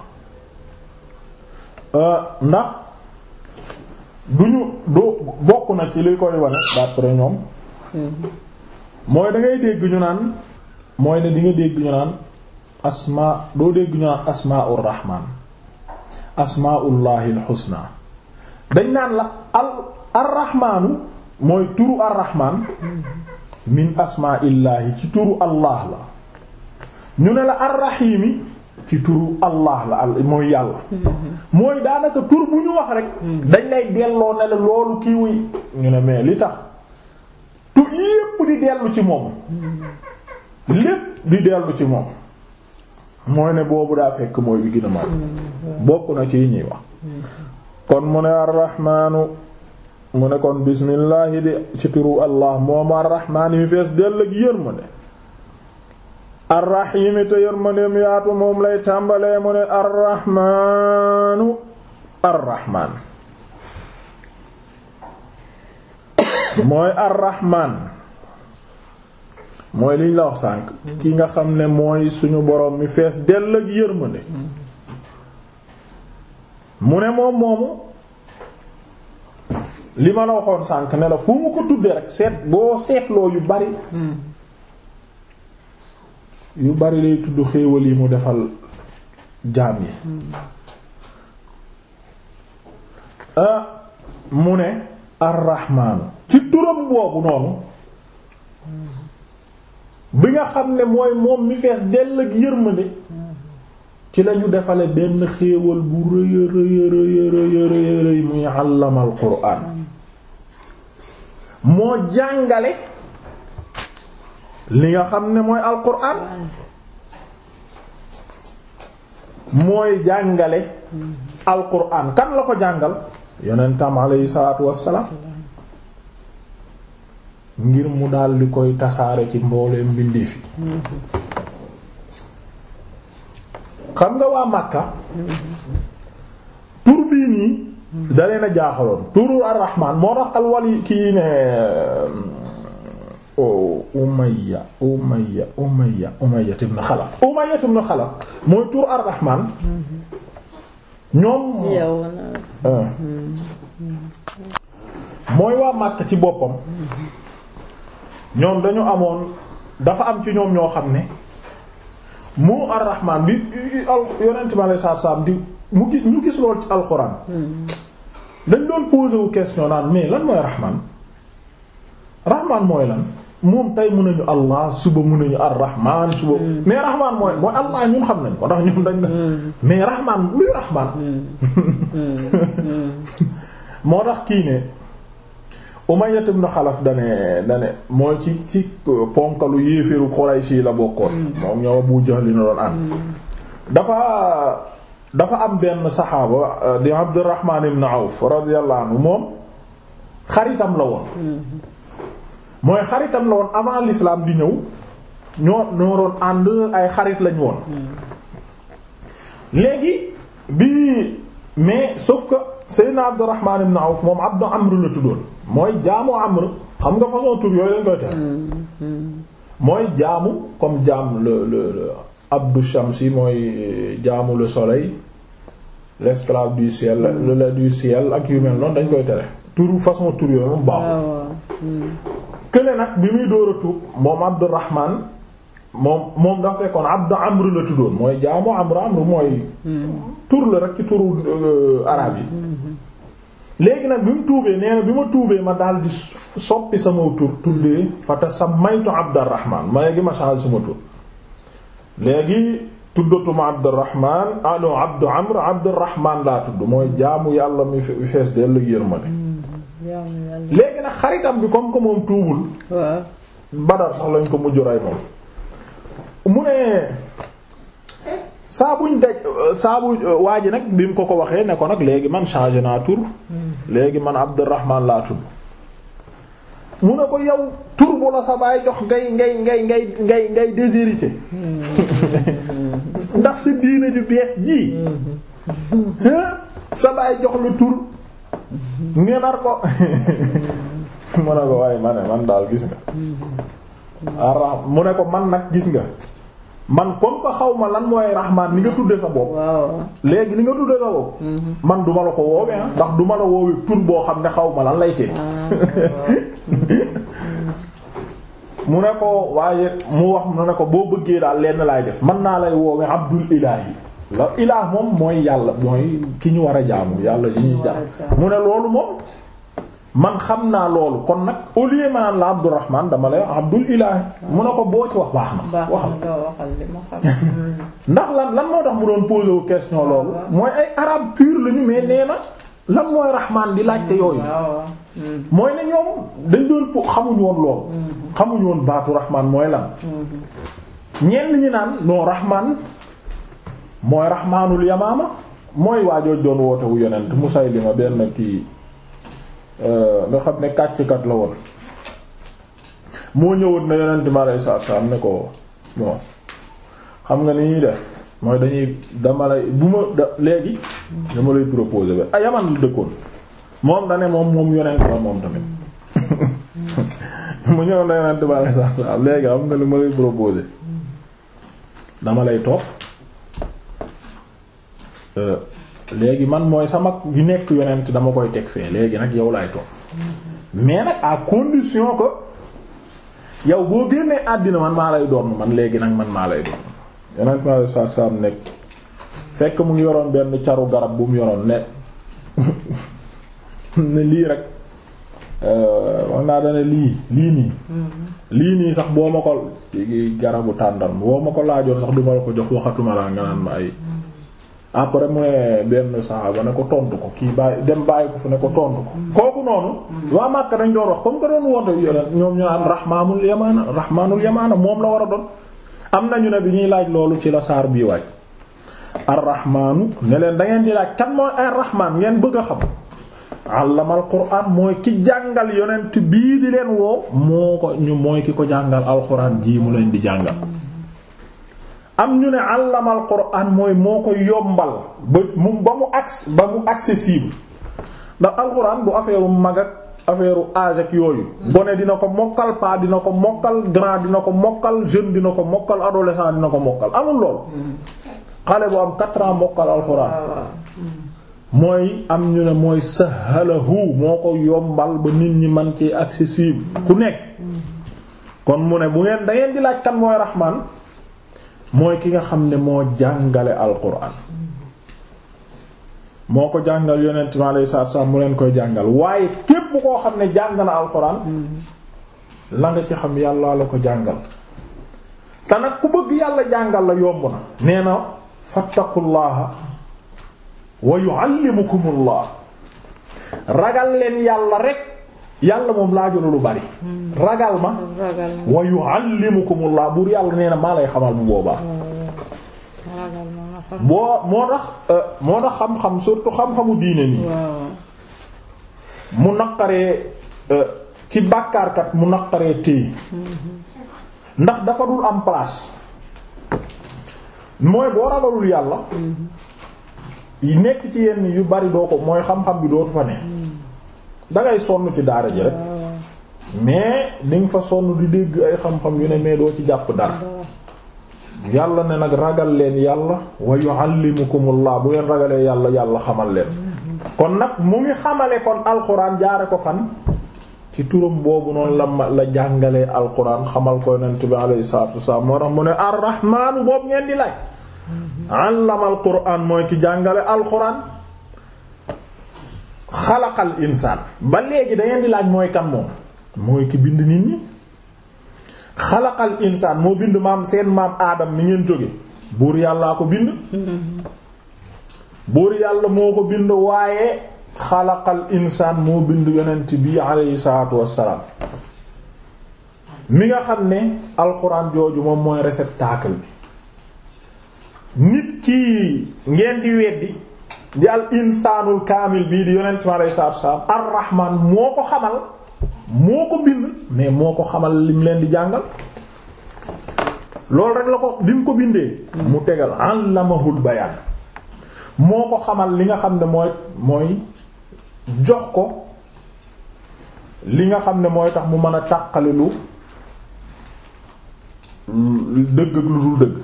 euh, ndax du ñu du bokk na ci li koy wane d'après ñoom hmm. mooy da dégg ñu naan mooy ne di dégg ñu naan asma doo dégg ñu naan asmaur rahman asmaullahi al dañ naan la al arrahmanu mooy turu arrahman min asmaillaahi ci turu allah la ñu ne la arrahimi ci turu allah la mooy yàlla mooy daanaka tur bu ñu wax rek dañ lay delloo ne la loolu kii wuy ñu ne mais li tax tu yépp di dellu ci moom lépp di dellu ci moom mooy ne boobu daa fekk mooy bi gën a mag bokk na ci ñuy wax kon mu ne arrahmaanu mu ne kon bismillaahi di ci turu allah moom arrahmaan yu fees dell ak yërmande arrahiimi te yërmandeem yaatu moom lay tàmbalee mu ne arrahmaanu arrahmaan mooy arrahmaan mooy liñ la wax sànq ki nga xam ne mooy suñu borom mi fees dell ak yërmande mu ne moom moomu li ma la waxoon sànq ne fu mu ko tuddee rek seet boo seetloo yu bari hmm. yu bari lay tudd xéewal yi mu defal jaam yi hmm. ah, mu ne arrahmaanu ci turam boobu noonu hmm. bi nga xam ne mooy moom mi fees dell ak yërmande ci lañu defale benn xéewal bu rëya rëya rëya rëya muy àllamal quraan moo jàngale li nga xam ne mooy al quraan mooy jàngale al quraan kan la ko jàngal yonentam alayhi salaatu wassalaam ngir mu daldi koy tasaare ci mbooleem mbindeef yi xam nga waa Makka tur bii nii da leen a jaaxaloon turu ar-Rahman moo tax alwali kii ne um, o oh, Umayya Umayya Umayya Umayya ibn Xalaf Umayya ibn Xalaf mooy tur ar ñoom eh, mooy waa Makka ci boppam ñoom dañu amoon dafa am ci ñoom ñoo xam ne moo arrahman bi yonent bi alei satu salaam di mu gis ñu gis lool ci alxuraan dañ doon posé wu question naan mais lan mooy rahman rahman mooy lan moom tey mun nañu allah suba mun nañu arrahman suba hmm. mais rahman mooy allah ñun xam nañ ko ndax dañ hmm. mais rahman luy rahman hmm. moo tax kii ne Umayya ibn Xalaf dane mooy ci ci euh, ponkalu yéeféeru Quraysh yi la bokkoon mm. moom ñoo Abu Jahl li doon ànd mm. dafa dafa am benn saxaaba euh, di Abdurrahman ibn Awf radiyallahu anhu moom xaritam la woon mm-hmm. mooy xaritam la woon avant l'islam di ñëw ñoo ñoo doon ànd ay xarit lañu woon mm. léegi bi mais sauf que Seydina Abdurrahman ibn Awf moom Abdu Amr la tuddoon mooy jaamu amr xam nga façon tur yooyu lañ koy tere hmm, hmm. mooy jaamu comme jaam le le abdu mooy eh, jaamu le soleil l'esclave du ciel hmm. le la du ciel ak yu mel noonu dañ koy tere tur façon tur yooyu moom baaxul ah, kële nag bi muy dóor a tuub moom abdurrahman moom moom dafa fekkoon abdu amr la tuddoon mooy jaamu amr amr mooy tour la rek ci turu eh, araab yi léegi nag bi mu tuubee nee na bi ma tuubee ma daal di soppi sama tur tuddee fata sa maytu Abdurrahman ma léegi ma saxal sama tur léegi tuddatuma Abdurrahman allo ah Abdu Amr Abdurrahman laa tudd mooy jaamu yàlla mi fees dell yërmande hmm, léegi nag xaritam bi comme que moom tuubul Badar sax lañ ko mujj rey moom mu ne saa buñ daj saabu waa ji nag bi mu ko ko waxee ne ko nag léegi man changé naa tur léegi man Abdurrahman laa tudd mu ne ko yow tur bu la jox ngay ngay ngay ngay ngay ngay déshérité ndax sa diina ju bees ji mm-hmm. sa baay jox la tur nga nar ko mu ne ko waaye ma ne man daal gis nga mm-hmm. mu ne ko man nag gis nga man comme que xaw ma lan mooy rahmaan li nga tuddee sa bopp. léegi li nga tuddee sa bopp. Mhm. man duma la ko woowee ah. ndax duma la woowee tur boo xam ne xaw ma lan lay tekki. Ah, mu ne ko waaye mu wax mu ne ko boo bëggee daal lenn laay def man naa lay woowee abdul ilaahi la ilaah moom mooy yàlla mooy ki ñu war a jaamu yàlla yi ñuy jaamu mu ne loolu moom man xam naa loolu kon nag au lieu ma naan la Abdourahman dama lay wax Abdul Ilahi mu ne ko boo ci wax baax na waxal ndax lan lan moo tax mu doon posé wu question loolu mooy ay arabe pur la ñu mais nee na lan mooy rahman di laajte yooyu mm, mm. mooy ne ñoom dañ doon xamuñu woon loolu mm-hmm. xamuñu woon baatu rahman mooy lan mm-hmm. ñenn ñi naan non rahman mooy rahmanul yamaama mooy waajooj doon woote wu yonent Musaylima benn kii Euh, nga xam ne kàccukat la woon moo ñëwoon na yonent mi alayhi salaatu salaam ne ko bon xam nga ni ñuy def mooy dañuy dama lay bu ma da léegi dama lay proposer ba ay yaman lu dëkkoon moom da ne moom moom yonent la moom tamit mu ñëwoon na yonent mi alayhi salaatu salaam léegi xam nga lu ma lay proposer dama lay toog léegi man mooy sama yu nekk yonent dama koy teg fee léegi nag yow laay topp mais nag à condition que yow boo génnee àddina man maa lay doon man léegi nag man maa lay doon yonent maa lay fekk mu ngi yoroon benn caru garab bu yoroon ne ne lii rek euh, wax naa dana lii lii nii mm-hmm. nii sax boo ma ko garabu tàndal boo ma ko laajoon sax du ma la ko jox waxatuma laa nga naan ma ay après mu ne benn saxaaba ne ko tontu ko kii bàyyi dem bàyyi ko fu ne ko tontu ko kooku noonu waa Màkka dañ doon wax comme que doon woote yonent ñoom ñu naan raxmaanul yamaana moom la war a doon am nañu ne bi ñuy laaj loolu ci la saar bii waaj arrahmaanu ne leen da ngeen di laaj kan mooy arrahmaan ngeen bëgg a xam àllamal quraan mooy ki jàngal yonent bii di leen woo moo ko ñu mooy ki ko jàngal alxuraan jii mu leen di jàngal am ñu ne àllamal quraan mooy moo ko yombal ba mu ba ba mu accessible ndax alxuraan bu affaire mag ak affaire âge ak yooyu gone dina ko mokkal pa dina ko mokkal grand dina ko mokkal jeune dina ko mokkal adolescent dina ko mokkal amul lool xale bu am quatre ans mokkal alxuraan ah, mooy am ñu ne mooy sahalahu moo ko yombal ba nit ñi man ci accessible ku nekk kon mu ne bu ngeen da ngeen di laaj kan mooy rahmaan mooy ki nga xam ne moo jàngale alquran moo ko jàngal yonent mi alayhi salaatu salaam mu leen koy jàngal waaye képp koo xam ne jàng na alquran la nga ci xam yàlla la ko jàngal te nag ku bëgg yàlla jàngal la yomb na nee na fattaqullaha wa yuallimukumullah ragal leen yàlla rek yàlla moom laajul lu bari. ragal ma ragal ma wa yu'allimukumullah buur yàlla nee na maa lay xamal bu boobaa. boo moo tax euh, moo tax xam-xam surtout xam-xamu diine nii. mu naqaree euh, ci bàkkaarkat mu naqaree téye. Mm-hmm. ndax dafa dul am place. mooy boo ragalul yàlla. Mm-hmm. nekk ci yenn yu bari doo ko mooy xam-xam bi dootu fa ne. Mm-hmm. dangay sonn ci daara ji rek mais di fa sonn di dégg ay xam-xam yu ne mais doo ci jàpp dara yàlla ne nag ragal leen yàlla wa yuallimukumullah bu ngeen ragalee yàlla yàlla xamal leen kon nag mu ngi xamale kon alxuraan jaare ko fan ci turam boobu noonu la ma la jàngalee alxuraan xamal ko yonent bi alayhi salaatu wasalaam moo tax mu ne arrahmaanu boobu ngeen di laaj allama alxuraan mooy ki jàngale alxuraan xalaqal insaan ba léegi da di laaj mooy kan moom mooy ki bind nit ñi xalaqal insaan moo bind maam seen maam aadam ni ngeen jóge buur yàllaa ko bind buur yàlla moo ko bind waaye xalakal insaan moo bind wenent bi alayhi salaatu wassalaam mi nga xam ne alxuraan jooju moom mooy réceptacle bi nit ki ngeen di weddi di al insaanul kaamil bii di yonent mi alayhi salaatu wa salaam arrahman moo ko xamal moo ko bind mais moo ko xamal lim leen di jàngal loolu rek la ko lim ko bindee mu tegal allamahul bayaan moo ko xamal li nga xam ne mooy mooy jox ko li nga xam ne mooy tax mu mën a tàqali lu dëgg ak lu dul dëgg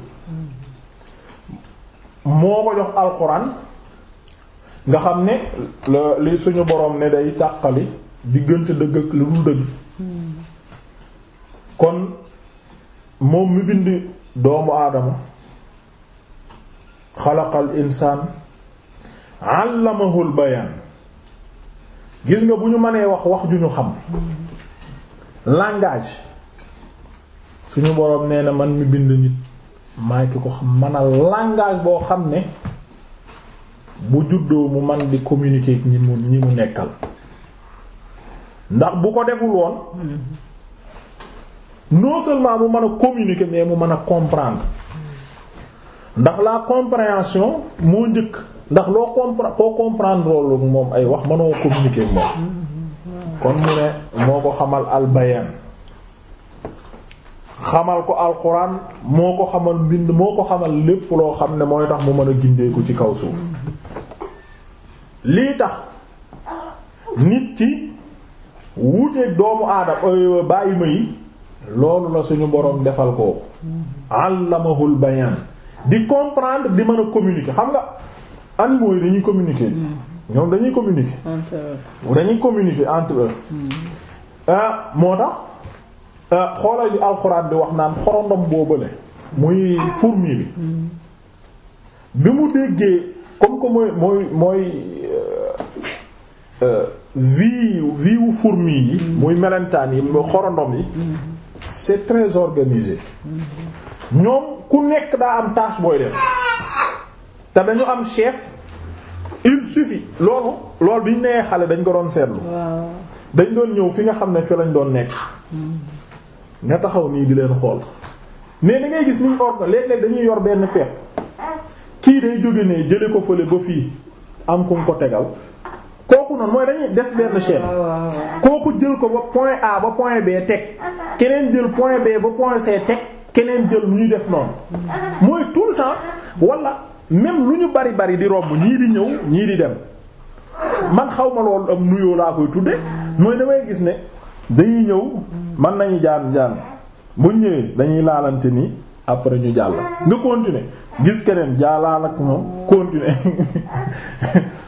moo ko jox alxuraan nga xam ne li suñu boroom ne day tàqali diggante dëgg ak lu dul dëgg kon moom mi bind doomu aadama xalaqal insaan allamahul bayaan gis nga bu ñu mënee wax wax ju ñu xam langage suñu boroom nee na man mi bind nit maa ki ko xam man a boo xam ne bu juddoo mu man di communiquer ak ñi mu ñi mu nekkal ndax bu ko deful woon mm-hmm. non seulement mu mën a communiquer mais mu mën a comprendre ndax la compréhension moo njëkk ndax loo compre comprendre loolu moom ay wax mënoo communiquer ak moom mm-hmm. kon mu ne moo ko xamal albayaan xamal ko alxuraan moo ko xamal mbind moo ko xamal lépp loo xam ne mooy tax mu mën a gindeeku ci kaw suuf mm-hmm. lii tax nit ki wuuteeg doomu aadama euh, bàyyi may loolu la suñu boroom defal kooku allamahul bayaan di comprendre di mën a communiquer xam nga animaux yi dañuy communiquer mm. ñoom dañuy communiquer dañuy communiquer entre eux mm. euh, moo tax euh, xoolal li alxuraan bi wax naan xorondom boobale muy fourmi bi mm. bi mu déggee comme que mooy mooy vie euh, vie wu fourmi yi muy melentaan yi xorondom yi c'est très organisé ñoom ku nekk daa am tâche booy def te dañu am chef il suffit loolu loolu bi ñu dañ ko doon seetlu dañ doon ñëw fi nga xam ne fi lañ doon nekk nga taxaw nii di leen xool mais da ngay gis niñ orga léeg-léeg dañuy yor benn pepp kii day jóge ne jële ko fële ba fii am ku mu ko tegal kooku noonu mooy dañuy def benn ah, chaîne kooku jël ko ba point A ba point B teg keneen jël point B ba point C teg keneen jël lu ñuy def noonu mooy tout le temps wala même lu ñu bari bari di romb ñii di ñëw ñii di dem man xaw ma loolu am nuyoo laa koy tudde mooy damay gis ne dañuy ñëw man nañu jaan jaan bu ñëwee dañuy laalante nii après ñu jàll nga continuer gis keneen jaalaal ak moom continuer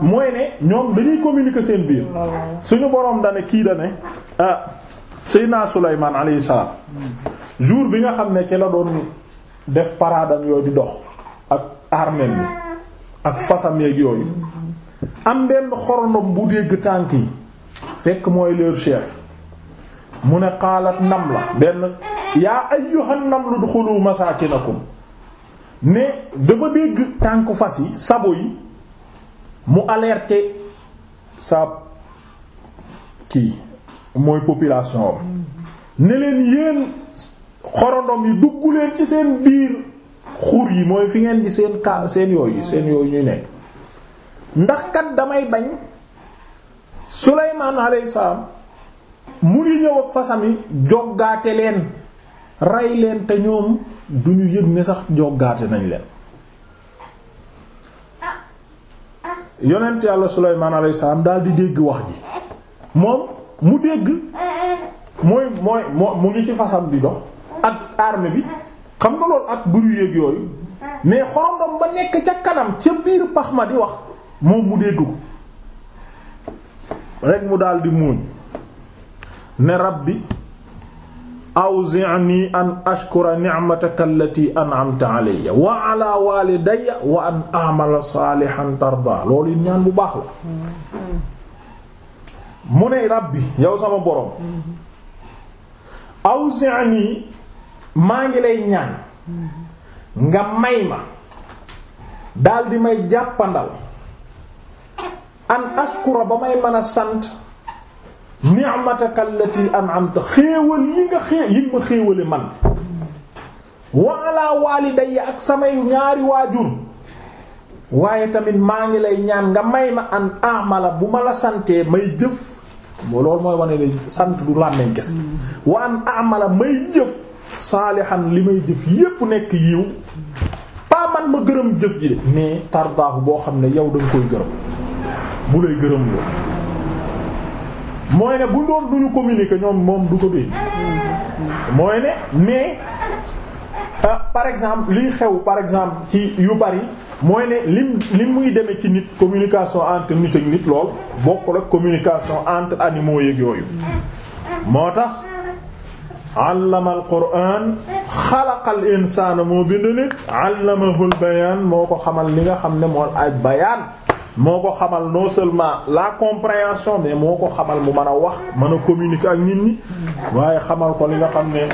mooy ne ñoom dañuy communiquer seen biir suñu boroom dane kii da ne ah Seydina Souleymane salaam jour bi nga xam ne ci la doon def paradam yooyu di dox ak armem bi ak fasam yeeg yooyu am benn xorondom bu dégg tànk yi fekk mooy leur chef mu ne xaalat nam la benn yaa ayyuhan du dukhulu masakinakum ne dafa dégg tànku fas yi sabo yi mu alerte sa kii mooy population am ne leen yéen xorondom yi dugg leen ci seen biir xur yi mooy fi ngeen di seen ka seen yooyu seen yooyu ñuy nekk ndax kat damay bañ Suleymaan alayhi salaam mu ngi ñëw ak joggaate leen rey leen te ñoom duñu yëg ne sax joggaate nañ leen yonent yàlla Sulaymaan alayhi salaam daal di dégg wax ji moom mu dégg mooy mooy mu ngi ci fasal bi dox ak arme bi xam nga loolu ak buru yéeg yooyu mais xorondom ba nekk ca kanam ca biir pax ma di wax moom mu dégg ko rek mu daal di muuñ ne rabbi awzi'ni an ashkura ni'mataka allati an'amta alayya wa ala walidayya wa an a'mala salihan tarda loolu ñaan bu baax la mu ne rabbi yow sama borom awzi'ni maa ngi lay ñaan nga may ma daldi may jàppandal an ashkura ba may mën sant ni'mataka allati an'amta xéewal yi nga yi ma xéewale man wa ala ak samay ñaari waajur waaye tamit maa ngi lay ñaan nga may ma an amala bu ma la santee may jëf loolu mooy wane ne sant du làmmeñ kese wa an amala may jëf saalihan li may jëf yépp nekk yiw pas ma gërëm jëf ji de mais tardaahu boo xam ne yow da nga koy gërëm bu lay gërëm loolu mooy ne bu doon duñu communiquer ñoom moom du ko dén mooy ne mais ah, par exemple liy xew par exemple ci yu bari mooy ne lim lim muy demee ci nit communication entre nit ak nit lool bokkul ak communication entre animaux yeeg yooyu moo tax allamal qur'an xalaqal insaana moo bind nit allamahul bayaan moo ko xamal ni nga xam ne mool ay bayaan moo ko xamal noo seulement la compréhension mais moo ko xamal mu man a wax man a communiquer ak nit ñi waaye xamal ko li nga xam ne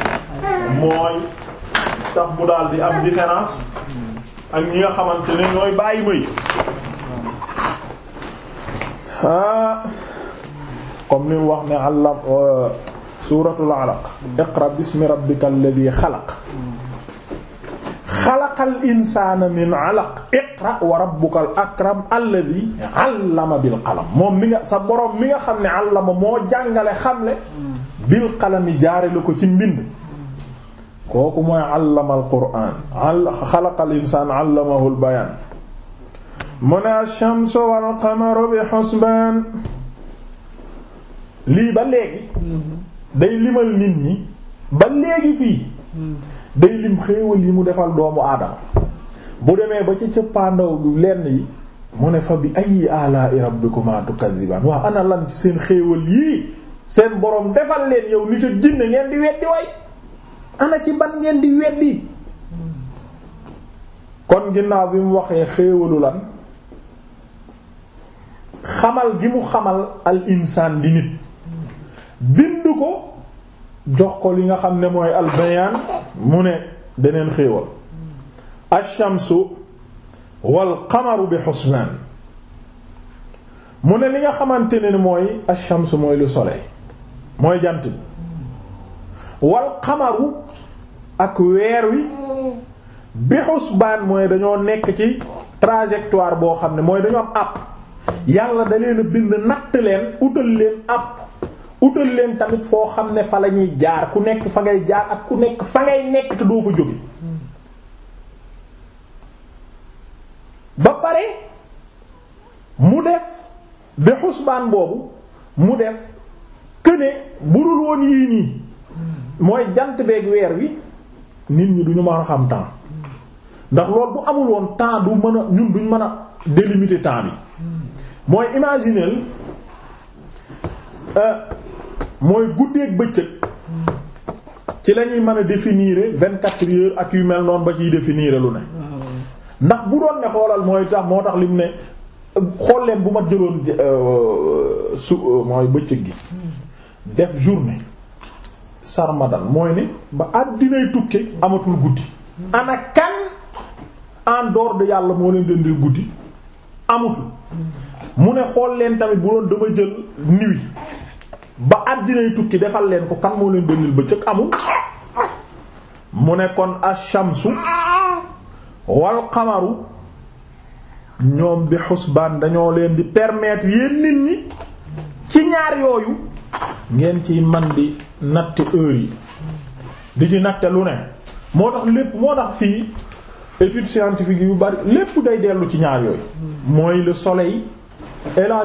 mooy tax mu daal di am différence ak ñi nga xamante ne ñooy bàyyi may ah comme ni wax ne àllam euh, suratul alaq iqra bismi rabbikal ladhi xalaq xalaqal insaana min alaq iqra wa rabbukal akram alladhi moom mi nga sa borom mi nga xam ne allama moo jàngale xamle bil qalami jaare la ko ci mbind kooku mooy allamal qur'aan xalaqal insaan allamahul bayaan mu ne ash-shamsu wal qamaru bi husbaan lii ba léegi mm-hmm. day limal nit ñi ba léegi fii mm-hmm. day xéewal yi mu defal doomu aadama bu demee ba ci cëppaandaw lenn yi mu ne fa bi ay alaa'i rabbikuma tukazziban waa ana lan ci seen xéewal yii seen boroom defal leen yow nit ak jinne ngeen di weddi way ana ci ban ngeen di weddi kon ginnaaw bi mu waxee xéewalu lan xamal gi mu xamal al insaan di nit bind ko jox ko li nga xam ne mooy al mu ne deneen xéewal ash wal qamaru bi husbaan mu ne li nga xamante ne mooy ash mooy lu soleil mooy jant bi wal qamaru ak weer wi bi husbaan mooy dañoo nekk ci trajectoire boo xam ne mooy dañoo am àpp yàlla da leen bind natt leen utal leen àpp utal leen tamit foo xam ne fa la ñuy jaar ku nekk fa ngay jaar ak ku nekk fa ngay nekk te doo fa jóge ba pare mu def ba xusbaan boobu mu def këne bu dul woon yii nii mooy jant beeg weer wi nit ñi duñu mën a xam temps ndax loolu bu amul woon temps du mën a ñun duñ mën a délimiter temps bi mooy imaginer euh, mooy guddeeg bëccëg ci la ñuy mën a définir vingt-quatre heures ak yu mel noonu ba ciy définir lu ne ndax bu doon ne xoolal mooy tax moo tax lim ne xool leen bu ma jëloon euh, su euh, mooy bëccëg gi def journée sarmadan mooy ne ba àddinay tukke amatul guddi ana kan en dehors yàlla moo leen dëndil guddi amatul mu ne xool leen tamit bu doon dama jël nuit ba àddinay tukki defal leen ko kan moo leen dëndil bëccëg amul mu nekkoon kon ash-shamsu wal qamaru ñoom bi xusbaan dañoo leen di permettre yéen ñi ci ñaar yooyu ngeen ciy man di natt heure yi di ci natte lu ne moo tax lépp moo tax fii étude scientifique yu bari lépp day dellu ci ñaar yooyu mooy le soleil et la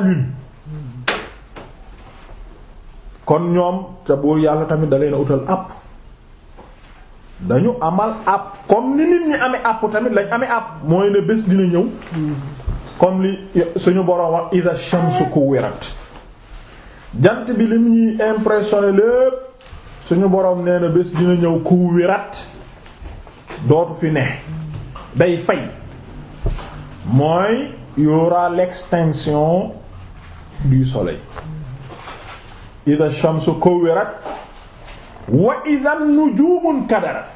kon ñoom te buur yàlla tamit da leen utal àpp dañu amal àpp comme ni nit ñi amee àpp tamit lañ amee àpp mooy ne bés dina ñëw comme li suñu boroom wax ida shamsu kuwirat jant bi li ñuy impressionné lépp suñu boroom nee na bés dina ñëw kuwirat dootu fi ne day fay mooy y aura l'extinction du soleil ida shamsu kuwirat wa ida nujumun kadarat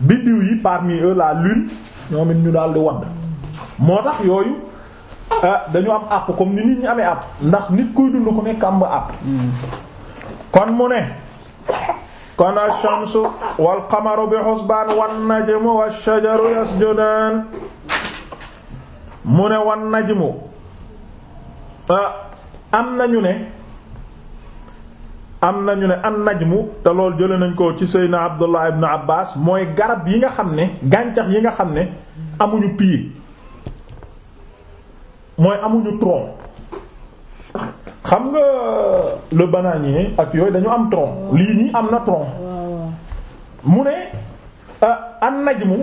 biddiw yi parmi eux la lune ñoom it ñu daal di wadd moo tax yooyu ah, dañu am àpp comme ni nit ñi amee àpp ndax nit kuy dund ku nekk am ba àpp kon mu ne kon ash-shamsu wal qamaru bi husbaan wan najmu wash shajaru yasjudaan mu ne wan najmu ah, am nañu ne am na ñu ne an naj mu te lool jële nañ ko ci Seydina Abdullah ibn Abbas mooy garab yi nga xam ne gàncax yi nga xam ne amuñu pied mooy amuñu tronc xam nga le bananier ak yooyu dañu am tronc lii nii am na tronc mu ne euh, an najmu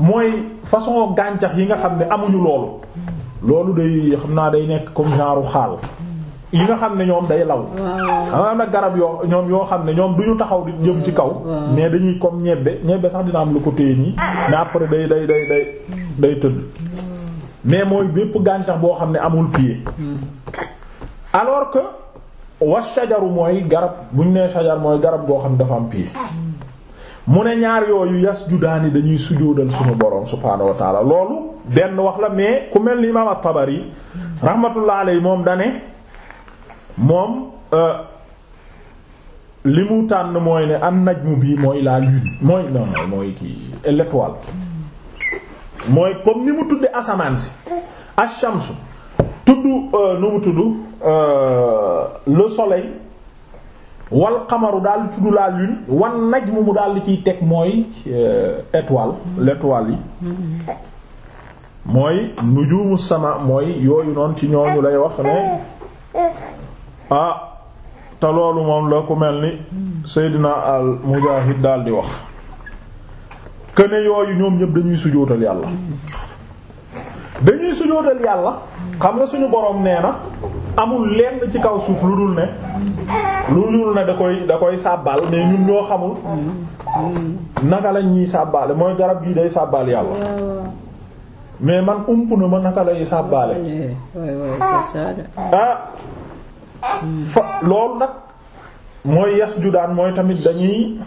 mooy façon gàncax yi nga xam ne amuñu loolu loolu day xam naa day nekk comme xaal yi nga xam ne ñoom day law am na garab yoo ñoom yoo xam ne ñoom du ñu taxaw di jëm ci kaw mais dañuy comme ñebbe ñebbe sax dina am lu ko téye nii mais après day day day day tëdd mais mooy bépp gàncax boo xam ne amul pied hmm. alors que wa shajaru mooy garab bu ñu nee shajar mooy garab goo xam ne dafa am pied mu ne ñaar yooyu yasjudaani dañuy sujoodal suñu borom subhaanahu wa taala loolu benn wax la mais ku mel ni imaam at-Tabari rahmatullah alayhi moom dane moom euh, li mu tànn mooy ne an najmu bi mooy la lune mooy non non mooy kii l'étoile mooy comme ni mu tudde asamaan si ash-shamsu tudd lu euh, mu tudd euh, le soleil wal xamaru daal di tudd lune wan najmu mu daal di ciy teg mooy étoile l'étoile yi mooy nujumu sama mooy yooyu noonu ci ñooñu lay wax ne ah te loolu moom la ku mel ni Seydina al Mujaahid daal di wax këne yooyu ñoom ñëpp dañuy sujootal yàlla dañuy sujootal yàlla xam nga suñu boroom nee na amul lenn ci kaw suuf lu dul ne lu dul ne da koy da koy sàbbaal mais ñun ñoo xamul naka lañ ñuy sàbbaale mooy garab yi day sàbbaal yàlla mais man ump na ma naka lay sàbbaale ah fa loolu nag mooy yasjudaan mooy tamit dañuy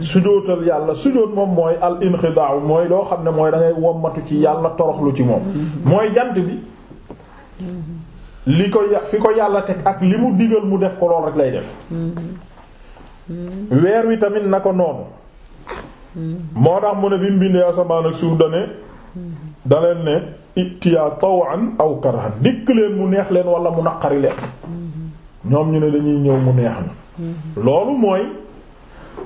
sujootal yàlla sujoot moom mooy al inxidaaw mooy loo xam ne mooy da ngay wommatu ci yàlla toroxlu ci moom mooy jant bi li ko fi ko yàlla teg ak li mu digal mu def ko lool rek lay def weer wi tamit na ko noonu moo tax mu ne bi mu bindee asamaan ak suuf dane da leen ne itiya tawan aw karhan dikk leen mu neex leen wala mu naqari leen ñoom ñu ne dañuy ñëw mu neex na mm-hmm. loolu mooy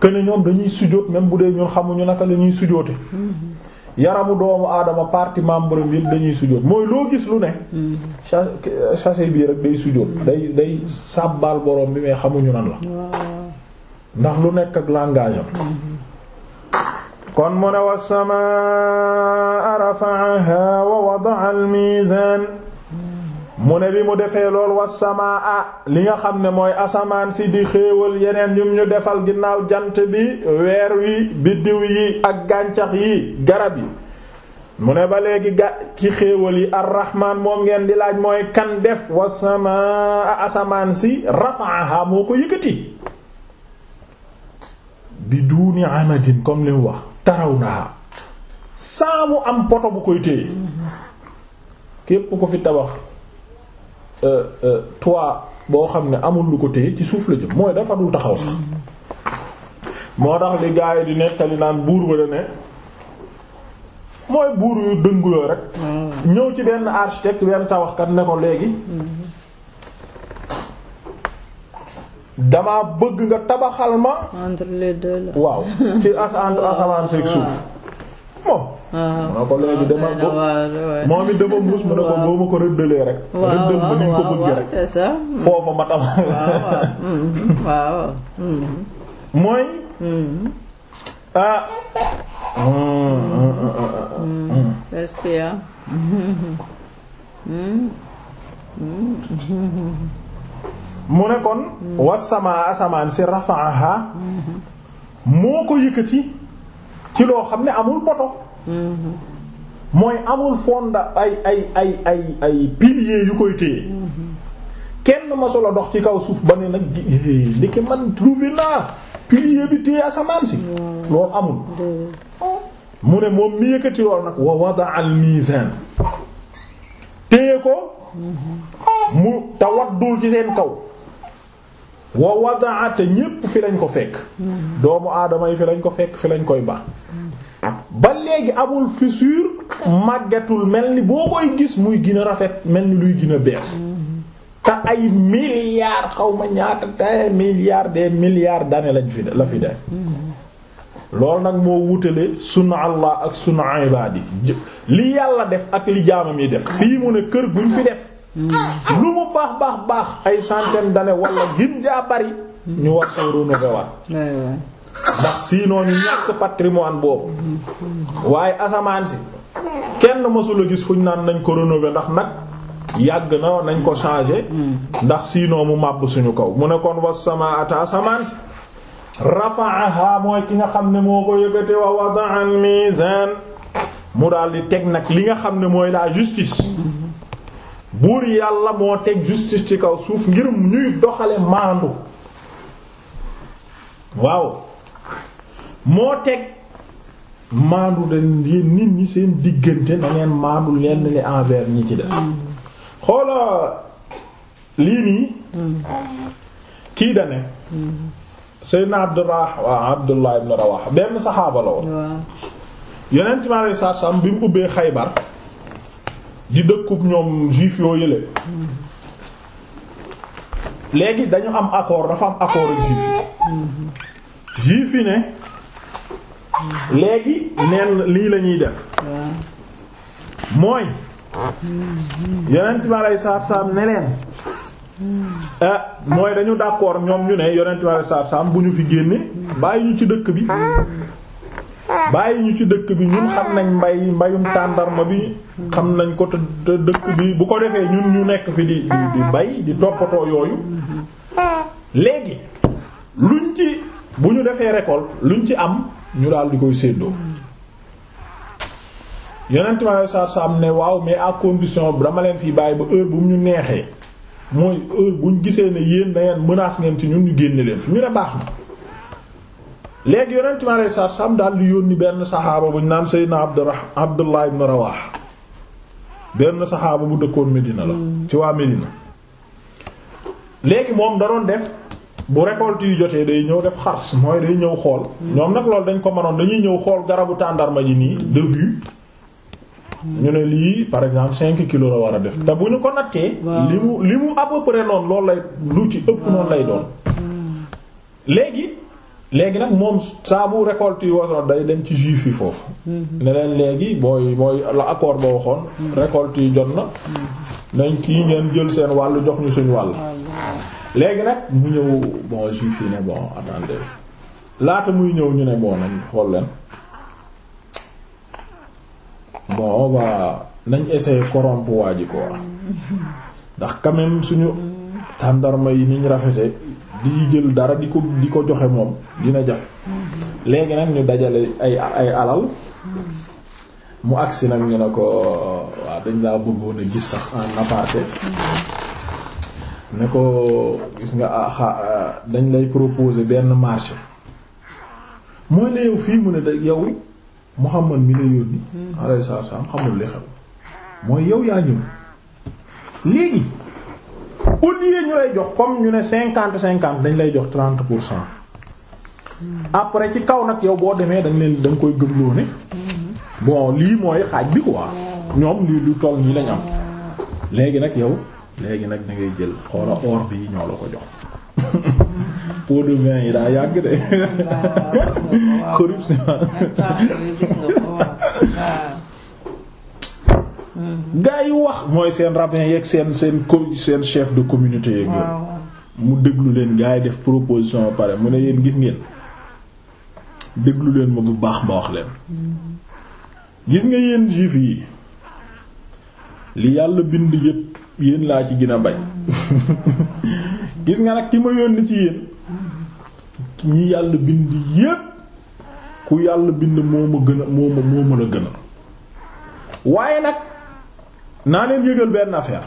que ñoom dañuy sujjóot même bu dee ñun xamuñu naka la ñuy sujjóote mm-hmm. yaramu doomu aadama partie membre bi dañuy sujjóot mooy loo gis lu ne mm-hmm. chassé bii rek day sujjóot day day sàbbaal borom bi mais xamuñu nan la ndax lu nekk ak langage am kon mu ne was samaa rafa'aha wa wada'a al mu ne bi mu defee lool a li nga xam ne mooy asamaan si di xéewal yeneen ñum ñu defal ginnaaw jant bi weer wi biddiw yi ak gàncax yi garab yi mu ne ba léegi ga ci xéewal yi arrahman moom ngeen di laaj mooy kan def wasamaa asamaan si rafaaha moo ko yëkkati bi duuni amadin comme li wax taraw naa saa mu am poto bu koy téye képp ko fi tabax Euh, euh, toit boo xam ne amul lu ko téye ci suuf la jëm mooy dafa dul taxaw sax moo tax li gars yi di nettali naan buur ba da ne mooy buur yu dëng yooyu rek mm. ñëw ci benn architecte benn tabaxkat ne ko léegi dama bëgg nga tabaxal ma entre les deux la waaw ci as entre asamaan suuf mo mu ne moom it dama muus mu ne ko boo ma ko rëddalee rek rëddal ma ni ñu ko bëgg rek hmm. foofa ma tamal hmm, hmm. mooy ah mu ne kon was sama asamaan si rafaaha moo ko yëkkati ci loo xam ne amul poto mooy amul fonda ay ay ay ay ay piliers yu koy téye kenn masul a dox ci kaw suuf ba ne nag eh, ndeke man trouvé naa pilier bi téye asamaan si hmm. loolu amul hmm. mu ne moom mi yëkkati lool nag wa wada al mizan téye ko hmm. mu te waddul ci seen kaw wa wadaate ñépp fi lañ ko fekk mm-hmm. doomu aadama yi fi lañ ko fekk fi lañ koy ba mm-hmm. ba léegi amul fissure màggetul mel ni boo koy gis muy gën rafet mel ni luy gën a bees mm-hmm. te ay milliards xaw ma ñaata te milliards des milliards d'années lañ fi la fi de loolu nag moo wutale sunna allah ak sunna ibaadi li yàlla def ak li jaamam yi def fii mu ne kër guñ fi def lu mu baax baax baax ay centaine d'années wala gin jaa bari ñu wax koy renouveler waat ndax sinon ñu ñàkk patrimoine boobu waaye asamaan si kenn mësula gis fuñ naan nañ ko renouveler ndax nag yàgg na nañ ko changer ndax sinon mu màbb suñu kaw mu ne kon was sama ata asamaan si rafa'aha mooy ki nga xam ne moo ko yëkkate wa wada'a al-mizan mu daal di teg nag li nga xam ne mooy la justice buur yàlla moo teg justice ci kaw suuf ngir ñuy doxale maandu waaw moo teg maandu dañ yéen nit ñi seen diggante na ngeen maandu lenn li envers ñi ci des xoola lii nii kii dane Seydina Abdurrah waaw Abdullah ibn Rawah benn saxaaba la woon yonent mi alayhi salaam bi mu ubbee Xaybar di dëkkub ñoom juif yoo yële léegi dañu am accord dafa am accord ak juif yi juif yi ne léegi neen lii la ñuy def mooy yonent bi aleyhi salaatu salaam ne leen eh, mooy dañu d'accord ñoom ñu ne yonent bi aleyhi salaatu bu ñu fi génne bàyyi ñu ci dëkk bi bàyyi ñu ci dëkk bi ñun xam nañ mbay mbayum tàndarma bi xam nañ ko dëkk bi bu ko defee ñun ñu nekk fi di di bay di toppatoo yooyu léegi luñ ci bu ñu defee récolte luñ ci am ñu daal di koy séddoo yeneen ma sar sa am ne waaw mais à condition dama leen fii bàyyi ba heure bu mu ñu neexee mooy heure buñ gisee ne yéen da ngeen menace ngeen ci ñun ñu génne leen fi ñu ne baax na léegi yonent mi alayhi salaatu salaam daal di yónni benn saxaaba bu ñu naan Seydina Abdurrahman Abdullah ibn Rawah benn saxaaba bu dëkkoon Medina la ci waa Medina léegi moom da doon def bu récolte yu jotee day ñëw def xars mooy day ñëw xool ñoom nag loolu dañ ko mënoon dañuy ñëw xool garabu tàndarma ji nii de vue ñu ne lii par exemple cinq kilos la war a def te bu ñu ko nattee li mu li mu à peu près noonu loolu lay lu ci ëpp noonu lay doon léegi léegi nag moom saa bu récolte yi wasoon day dem ci juif yi foofu mhm. ne leen léegi mooy mooy la accord ba waxoon mhm. récolte yi jot na mhm. nañ kii ngeen jël seen wàll jox nu suñ wàll léegi nag mu ñëw bon juif yi ne laata muy ñëw ñu ne bon nañ xool leen bon on va nañ essayer corrompre waa ji quoi ndax quand même suñu tàndarma yi niñ rafete di jël dara di ko di ko joxe moom dina jafe léegi nag ñu dajale ay ay alal mu agsi nag ñu ne ko waaw dañ laa bëggoon a gis sax en aparté ne ko gis nga ah, ah dañ lay proposer benn marché mooy ne yow fii mu ne da yow Muhammad mi la yónni hmm. alayhi salaam xamul li xew mooy yow yaa ñëw léegi au lieu ñu lay jox comme ñu ne cinquante cinquante dañ lay jox trente pour cent après ci kaw nag yow boo demee da leen da koy gëmloo ne bon lii mooy xaaj bi quoi ñoom lii lu toll nii lañ am léegi nag yow léegi nag da ngay jël xoola or bi ñoo la ko jox pot de vin yi daa yàgg de corruption gaa yi wax mooy seen rabbin yeeg seen seen co seen chef de communauté yooyu mu déglu leen gaa yi def proposition pare mu ne yéen gis ngeen déglu leen ma bu baax ma wax leen gis nga yéen juif yi li yàlla bind yépp laa ci gën a bañ gis nga nag ki ma yónni ci yéen ñi yàlla bind yépp ku yàlla bind moo ma gën a moo ma moo ma la gën waaye nag naa leen yégal benn affaire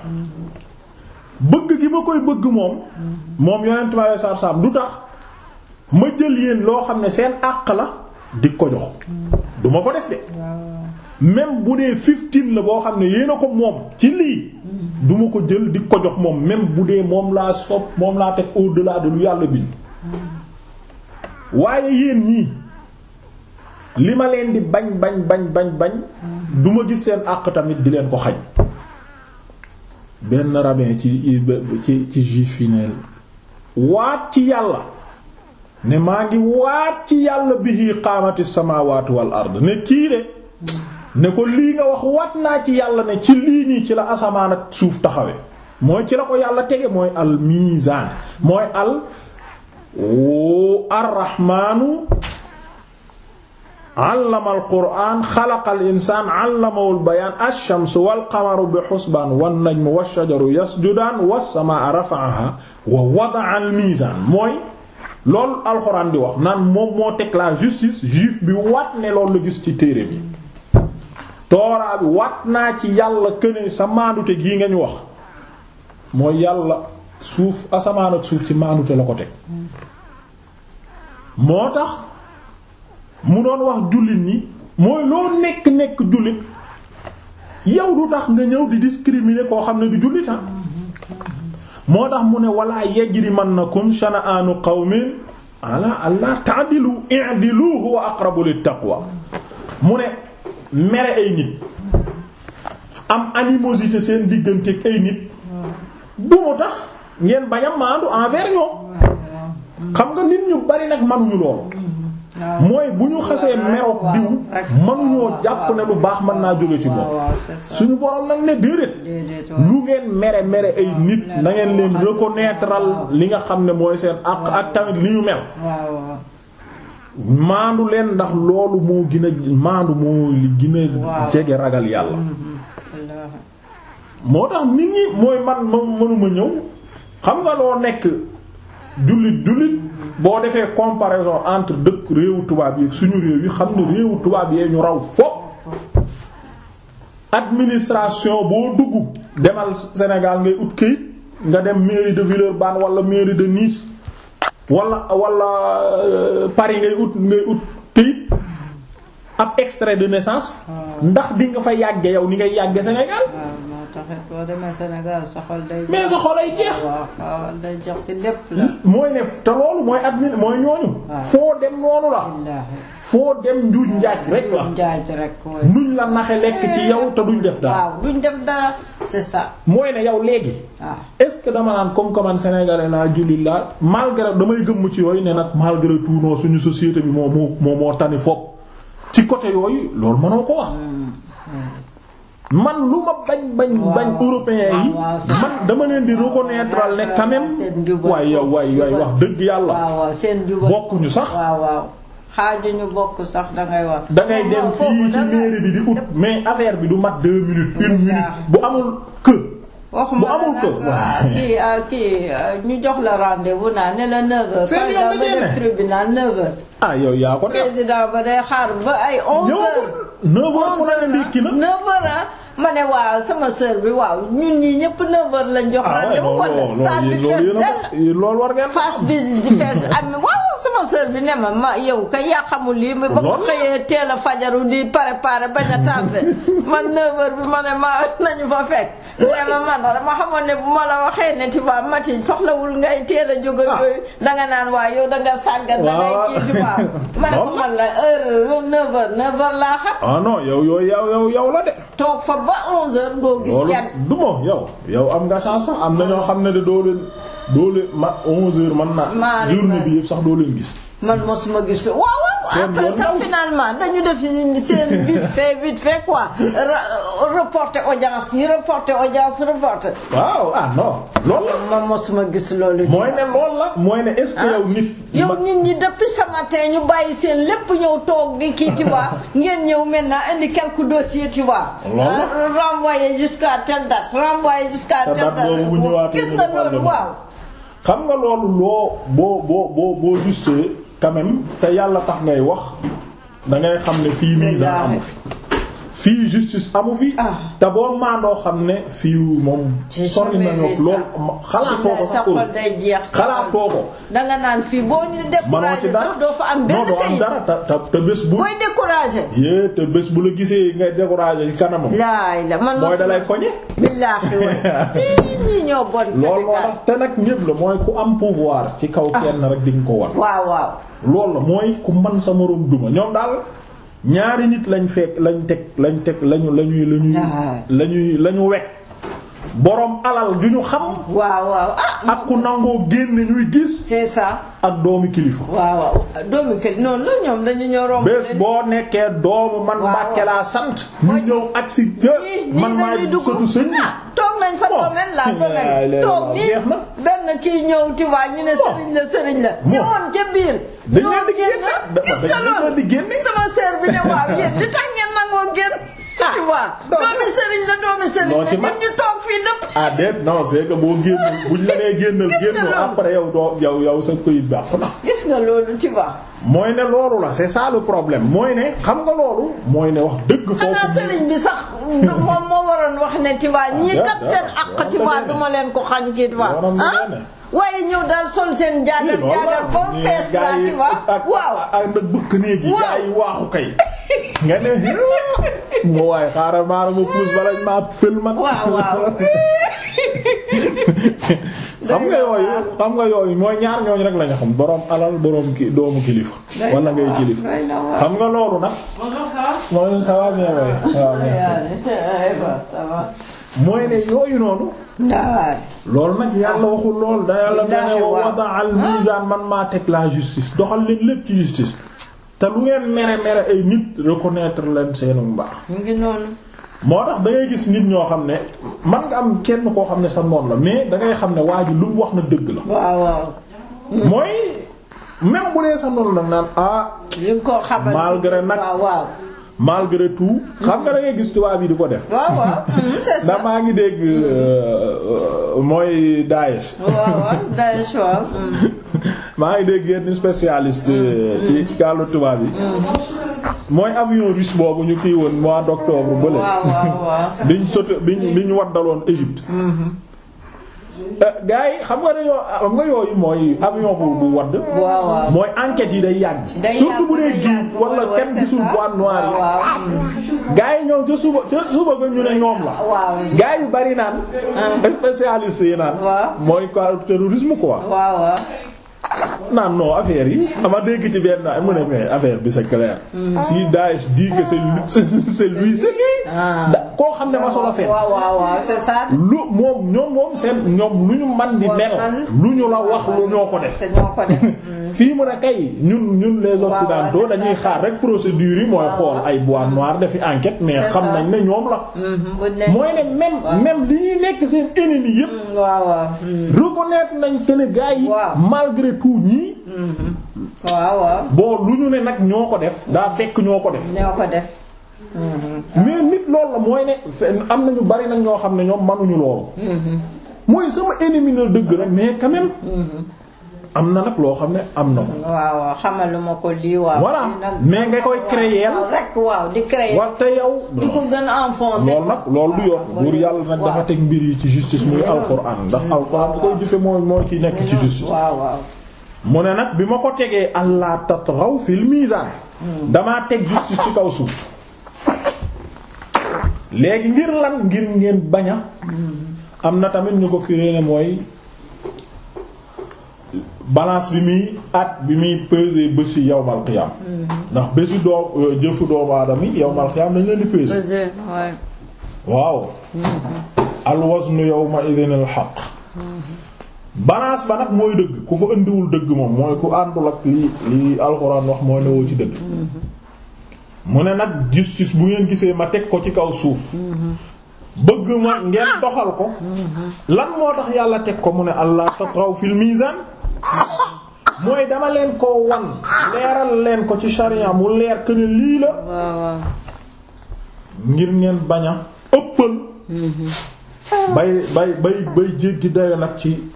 bëgg gi ma koy bëgg moom moom yonent ma sar du tax ma jël yéen loo xam ne seen àq la di ko jox du ma ko def de même bu dee fifteen la boo xam ne yéen ko moom ci lii duma ko jël di ko jox moom même bu dee moom laa sopp moom laa teg au-delà de lu yàlla bind waaye yéen ñii li ma leen di bañ bañ bañ bañ bañ duma gis seen àq tamit di leen ko xañ benn rabbin ci ci ci juif yi waat ci yàlla ne maa ngi waat ci yàlla bihi qaamati samaawaatu wal ard ne kii de ne ko lii nga wax waat naa ci yàlla ne ci lii nii ci la asamaan ak suuf taxawe mooy ci la ko yàlla tege mooy al miizaan mooy al arrahmaanu allamal qur'aan wan najmu wash-shajaru yasjudaan was wa wada'al miizaan mooy alxuraan di wax naan moom moo teg la justice juif bi waat ne loolu la gis ci téere bi. tooraa bi naa ci yàlla këne sa maandute gii nga ñu wax moo yàlla suuf asamaan ak suuf ci maandute la ko teg moo tax. mu doon wax jullit ñi mooy loo nekk nekk jullit yow du tax nga ñëw di discriminer koo xam ne du jullit ah moo tax mu ne wala yajrimannakum shana'anu qawmin ala alla ta'dilu i'dilu huwa aqrabu lit taqwa mu ne mere ay nit am animosité seen diggante ak ay nit bu mu tax ngeen bañ maandu envers ñoom xam nga nit ñu bari nag manuñu loolu mooy bu ñu xasee meroog diw mënuñoo jàpp ne lu baax mën naa jóge ci moom suñu borom nag ne déedéet lu ngeen mere mere ay nit nangeen ngeen leen reconnaître li nga xam ne mooy seen ak ak tamit li ñu mel maandu leen ndax loolu moo gën a maandu moo li gën a jege ragal yàlla mm-hmm. moo tax nit ñi mooy man ma mënuma ñëw xam nga loo nekk jullit jullit boo defee comparaison entre dëkk réewu tubaab yi suñu réew yi xam ne réewu tubaab yee ñu raw fopp administration boo dugg demal Sénégal ngay ut këyit nga dem mairie de Villeurbanne wala mairie de Nice walla walla euh, Paris ngay ut ngay ut këyit ab extrait de naissance ndax di nga fa yàgge yow ni ngay yàgge Sénégal mais sa xol ay jeex. waaw day jeex ci lépp la. mooy ne te loolu mooy admin mooy ñooñu. foo dem noonu la. foo dem njuuj njaaj rek la. rek nuñ la naxe lekk ci yow te duñ def dara. waaw duñ def dara mooy ne yow léegi. est-ce que dama naan comme comme man sénégalais laa julli laa malgré damay gëmm ci yooyu ne nag malgré tout non suñu société bi moo moo moo tani fopp ci côté yooyu loolu mënoo ko wax. Hmm, hmm. man lu ma bañ bañ bañ européens yi man dama leen di reconnaître ne quand même waay yow wax dëgg yàlla bokkuñu sax xaajuñu bokk sax dangay wax. dangay dem fii ci mairie bi di ut mais affaire bi du mat deux minutes une minute bu amul kër. bu amul kër waaw ah, ah, ah, ñu jox la rendez naa ne la 9 ba dem tribunal 9h. ah yaa ko def président ba day xaar ba ay 11h. 9h la ne ndékki na ma ne waaw sama sœur bi waaw ñun ñi ñëpp 9h lañ jox. ah loolu loolu loolu loolu war ngeen face bi di fees am waaw sama sœur bi ne ma ma yow kay yaa xamul lii. ba ma xëyee teel a fajaru di préparé bañ a tardé man 9h bi ma ne ma nañu fa fekk. ne ma man ne bu ma la waxee ne tubaab mati soxlawul ngay teel a jóg ak ah. yooyu danga naan waaw yow danga sàggan. waaw dangay kii tubaab. ma ne ko man la heure 9h laa xam. ah yow yow yow yow la de. toog fa yow ba 11h doo gis kenn du ma yow yow am nga chance sax am na ñoo xam ne de doo leen doo leen ma 11h mën naa. journée bi yëpp sax doo leen gis. man mosuma gis waaw waaw après ça dañu def seen vite fait vite fait quoi reporter audience yi reporter audience reporter. waaw ah non. loolu la gis loolu. mooy ne loolu la. mooy ne est ah. yow nit. ñi depuis ce matin ñu bàyyi seen lépp ñëw toog di kii tu ngeen ñëw maintenant indi quelques dossiers tu vois. Ah, renvoyer jusqu'à telle xam nga loolu loo boo boo boo boo juste. quand même te yàlla tax ngay wax da ngay xam ne fii misa amu fi fii justice amu fi ah. te boo maandoo xam ne fii moom sori nañoo lool xalaatoo ko sax xalaatoo ko danga naan fii boo ni découragé sax doo fa am benn kayit dara te bés bu booy découragé yée te bés bu la gisee ngay découragé ci kanamam laay la man mooy dalay koñe billaahi ñi ñoo bon Sénégal te nag ñépp la mooy ku am pouvoir ci kaw ah. kenn rek di nga ko war waaw waaw loolu la mooy ku mën sa moroom duma ñoom daal ñaari nit lañ fekk lañ teg lañ teg lañu lañuy lañuy ah. lañuy lañu wekk boroom alal ju ñu xam waaw waaw ah ak ku nangoo génne ñuy gis doomu kilifa waaw waaw bés boo nekkee doomu man Mbàkke laa sant ñu ñëw ak si man maa sëtu sëñ ah, toog nañ fa domaine la domaine toog nii benn kii ñëw ti ñu ne sëriñ la sëriñ la ñëwoon ca biir dañ leen di génn gis nga loolu sama sœur bi ne waaw yéen di tax ngeen nangoo génn ah, tu doomi sëriñ la doomi sëriñ la ñu toog fii nëpp ah déet non c'est que boo génn buñ la nee génnal génnal yow yow yow sa koy loolu mooy ne loolu la c'est ça problème mooy ne xam nga loolu mooy ne wax dëgg foofu xanaa sëriñ bi moom moo waroon wax ne tu vois ñii ah, kat seen àq tu duma leen ko xañ ci waaye ñëw daal sol seen jaagar jaagar ba mu fees laa ci waaw ak nag bëkk néeg yi gaa yi kay nga ne mu waaye xaaral maa la ma puus bala maa fël man waaw waaw xam nga yooyu mooy ñaar ñooñu rek lañu xam borom alal borom doomu kilifa wala ngay kilifa xam nga loolu nag. bonjour ça va. bonjour ça va bien oui. mooy ne yooyu noonu. waaw. loolu nag yàlla waxul lool. da yàlla ne ne wada ah. man maa teg la justice doxal leen lépp ci justice. te lu ngeen mere mere ay nit reconnaître leen seenu mu ngi noonu. moo tax da gis nit ñoo xam ne man nga am kenn koo xam ne sa noon la mais dangay xam ne waa ji lu mu wax na dëgg la. waaw waaw. Hmm. mooy même bu dee sa noon la naan ah. li nga koo nag malgré tout xam nga da ngay gis tubaab yi di ko def. waaw hmm, maa ngi dégg euh, euh, mooy Daesh. waaw maa ngi dégg yenn spécialiste euh, ci kàllu tubaab yi. Hmm. mooy avion russe boobu ñu kii woon mois d'octobre. waaw waaw waaw bële biñ sotti biñ biñ waddaloon Égypte. Hmm. Euh, gars yi xam nga dañoo xam nga yooyu mooy avion bu bu wadd mooy enquête yi day yàgg surtout bu dee jiw wala kenn gisul boîte noire yi yi ñoom ca suba ca suba ba ñu ne ñoom la gars yu bari naan ah. spécialiste yi naan mooy quoi terrorisme quoi naan non affaire yi a dégg ci benn ay mu ne mais affaire bi c'est clair. Mm-hmm. si Daesh dit que c'est lui c'est lui c'est lui. Ah. koo xam ne ma solo fenn. lu moom ñoom moom seen ñoom lu ñu man di lu ñu la wax lu ñoo ko def. fii mu ne kay ñun ñun les occidentaux dañuy xaar rek procédure yi mooy xool ay bois noir defi enquête mais xam nañ ne ñoom la. Mm-hmm, mooy ne même même li ñuy nekk seen ennemis yépp. Mm, waaw mm. nañ que yi. malgré malgré tout ñii. waaw waaw. bon lu ñu ne nag ñoo ko def. daa fekk ñoo ko def. ñoo def. Mm-hmm. mais nit loolu la mooy ne am na ñu bari nag ñoo xam ne ñoom mënuñu loolu. Mm-hmm. mooy sama ennemi la dëgg rek mais quand mm-hmm. am na nag loo xam ne am na ko. waaw xamaluma ko lii waaw. voilà mais nga koy créer. rek waaw di te yow. di ko gën a enfoncer. loolu nag loolu du yoon. buur yàlla nag dafa teg mbir yi ci justice muy alxuraan. ndax alxuraan bu koy jëfe mooy moo ci nekk ci justice. mu ne nag bi ma ko tegee allah tatghaw fil mizan hmm. damaa teg justice ci kaw suuf léegi ngir lan ngir ngeen baña hmm. am na tamit ñu ko firee ne mooy balance bi muy at bi muy peser bési yawmal qiyam hmm. ndax bési doom euh, jëfu doomu aadama yi yawmal qiyam dañ leen di peser waaw al waznu yawma idhin al haqq balance ba nag mooy dëgg ku fa indiwul dëgg moom mooy ku àndul ak li li alxuraan wax mooy newoo ci dëgg mm-hmm. mu ne nag justice bu ngeen gisee ma teg ko ci kaw suuf mm-hmm. bëgg ma ngeen doxal ko mm-hmm. lan moo tax yàlla teg ko mu ne allah taqaw fil mizan mooy dama leen ko wan leeral leen ko ci sharia mu leer que ne lii la ngir ngeen baña a ëppal bay bay bay bay jéggi dayo nag ci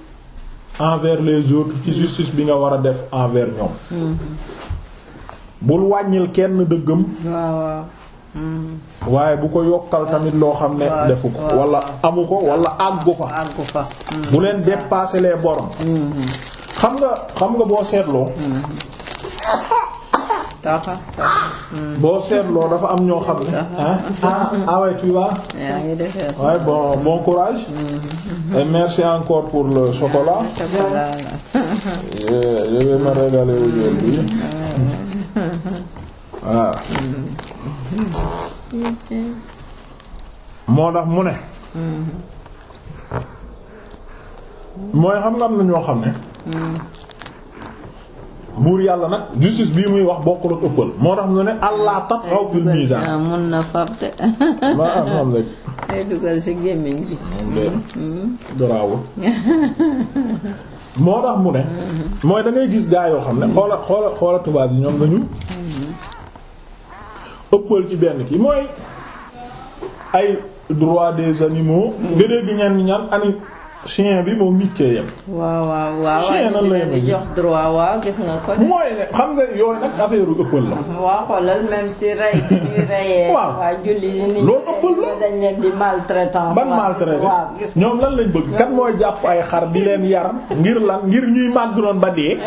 envers les autres ci justice bi nga war a def envers ñoom bul wàññil kenn dëggam hmm. waaye bu ko yokkal tamit loo xam ne defu ko wala amu ko wala àggu fa hmm, bu leen dépasser les bornes hmm, xam nga xam nga boo seetloo Taha. Hmm. boo seetloo dafa am ñoo xam ne. Ah, ah ah ouais tu vois. bon bon courage. Hmm. merci encore pour le chocolat. chocolat je vais me régaler hmm. moo tax mu ne. mooy xam nga am na ñoo xam ne. buur yàlla nag justice bii muy wax bokkul ak ëppal moo tax mu ne allah tatghaw fil mizan mun na fab de maanaam rek day dugal ci gémmiñ gi mm-hmm. moo tax mu ne mm-hmm. mooy dangay gis gaa yoo xam ne xoola xoola xoola tubaab yi ñoom dañu mm-hmm. ëppal ci benn ki mooy ay droit des animaux nga dégg ñenn ñan ani chien bi moom nit kee yem. waaw waaw waaw gis nga ko. mooy xam nga yooyu nag affaire yu ëppal la. waaw xoolal même si rey waaw loolu ëppal la dañ leen di maltraitant. ban maltraitant ñoom lan lañ bëgg. kan mooy jàpp ay xar bi leen yar ngir lan ngir ñuy màgg doon ba dee.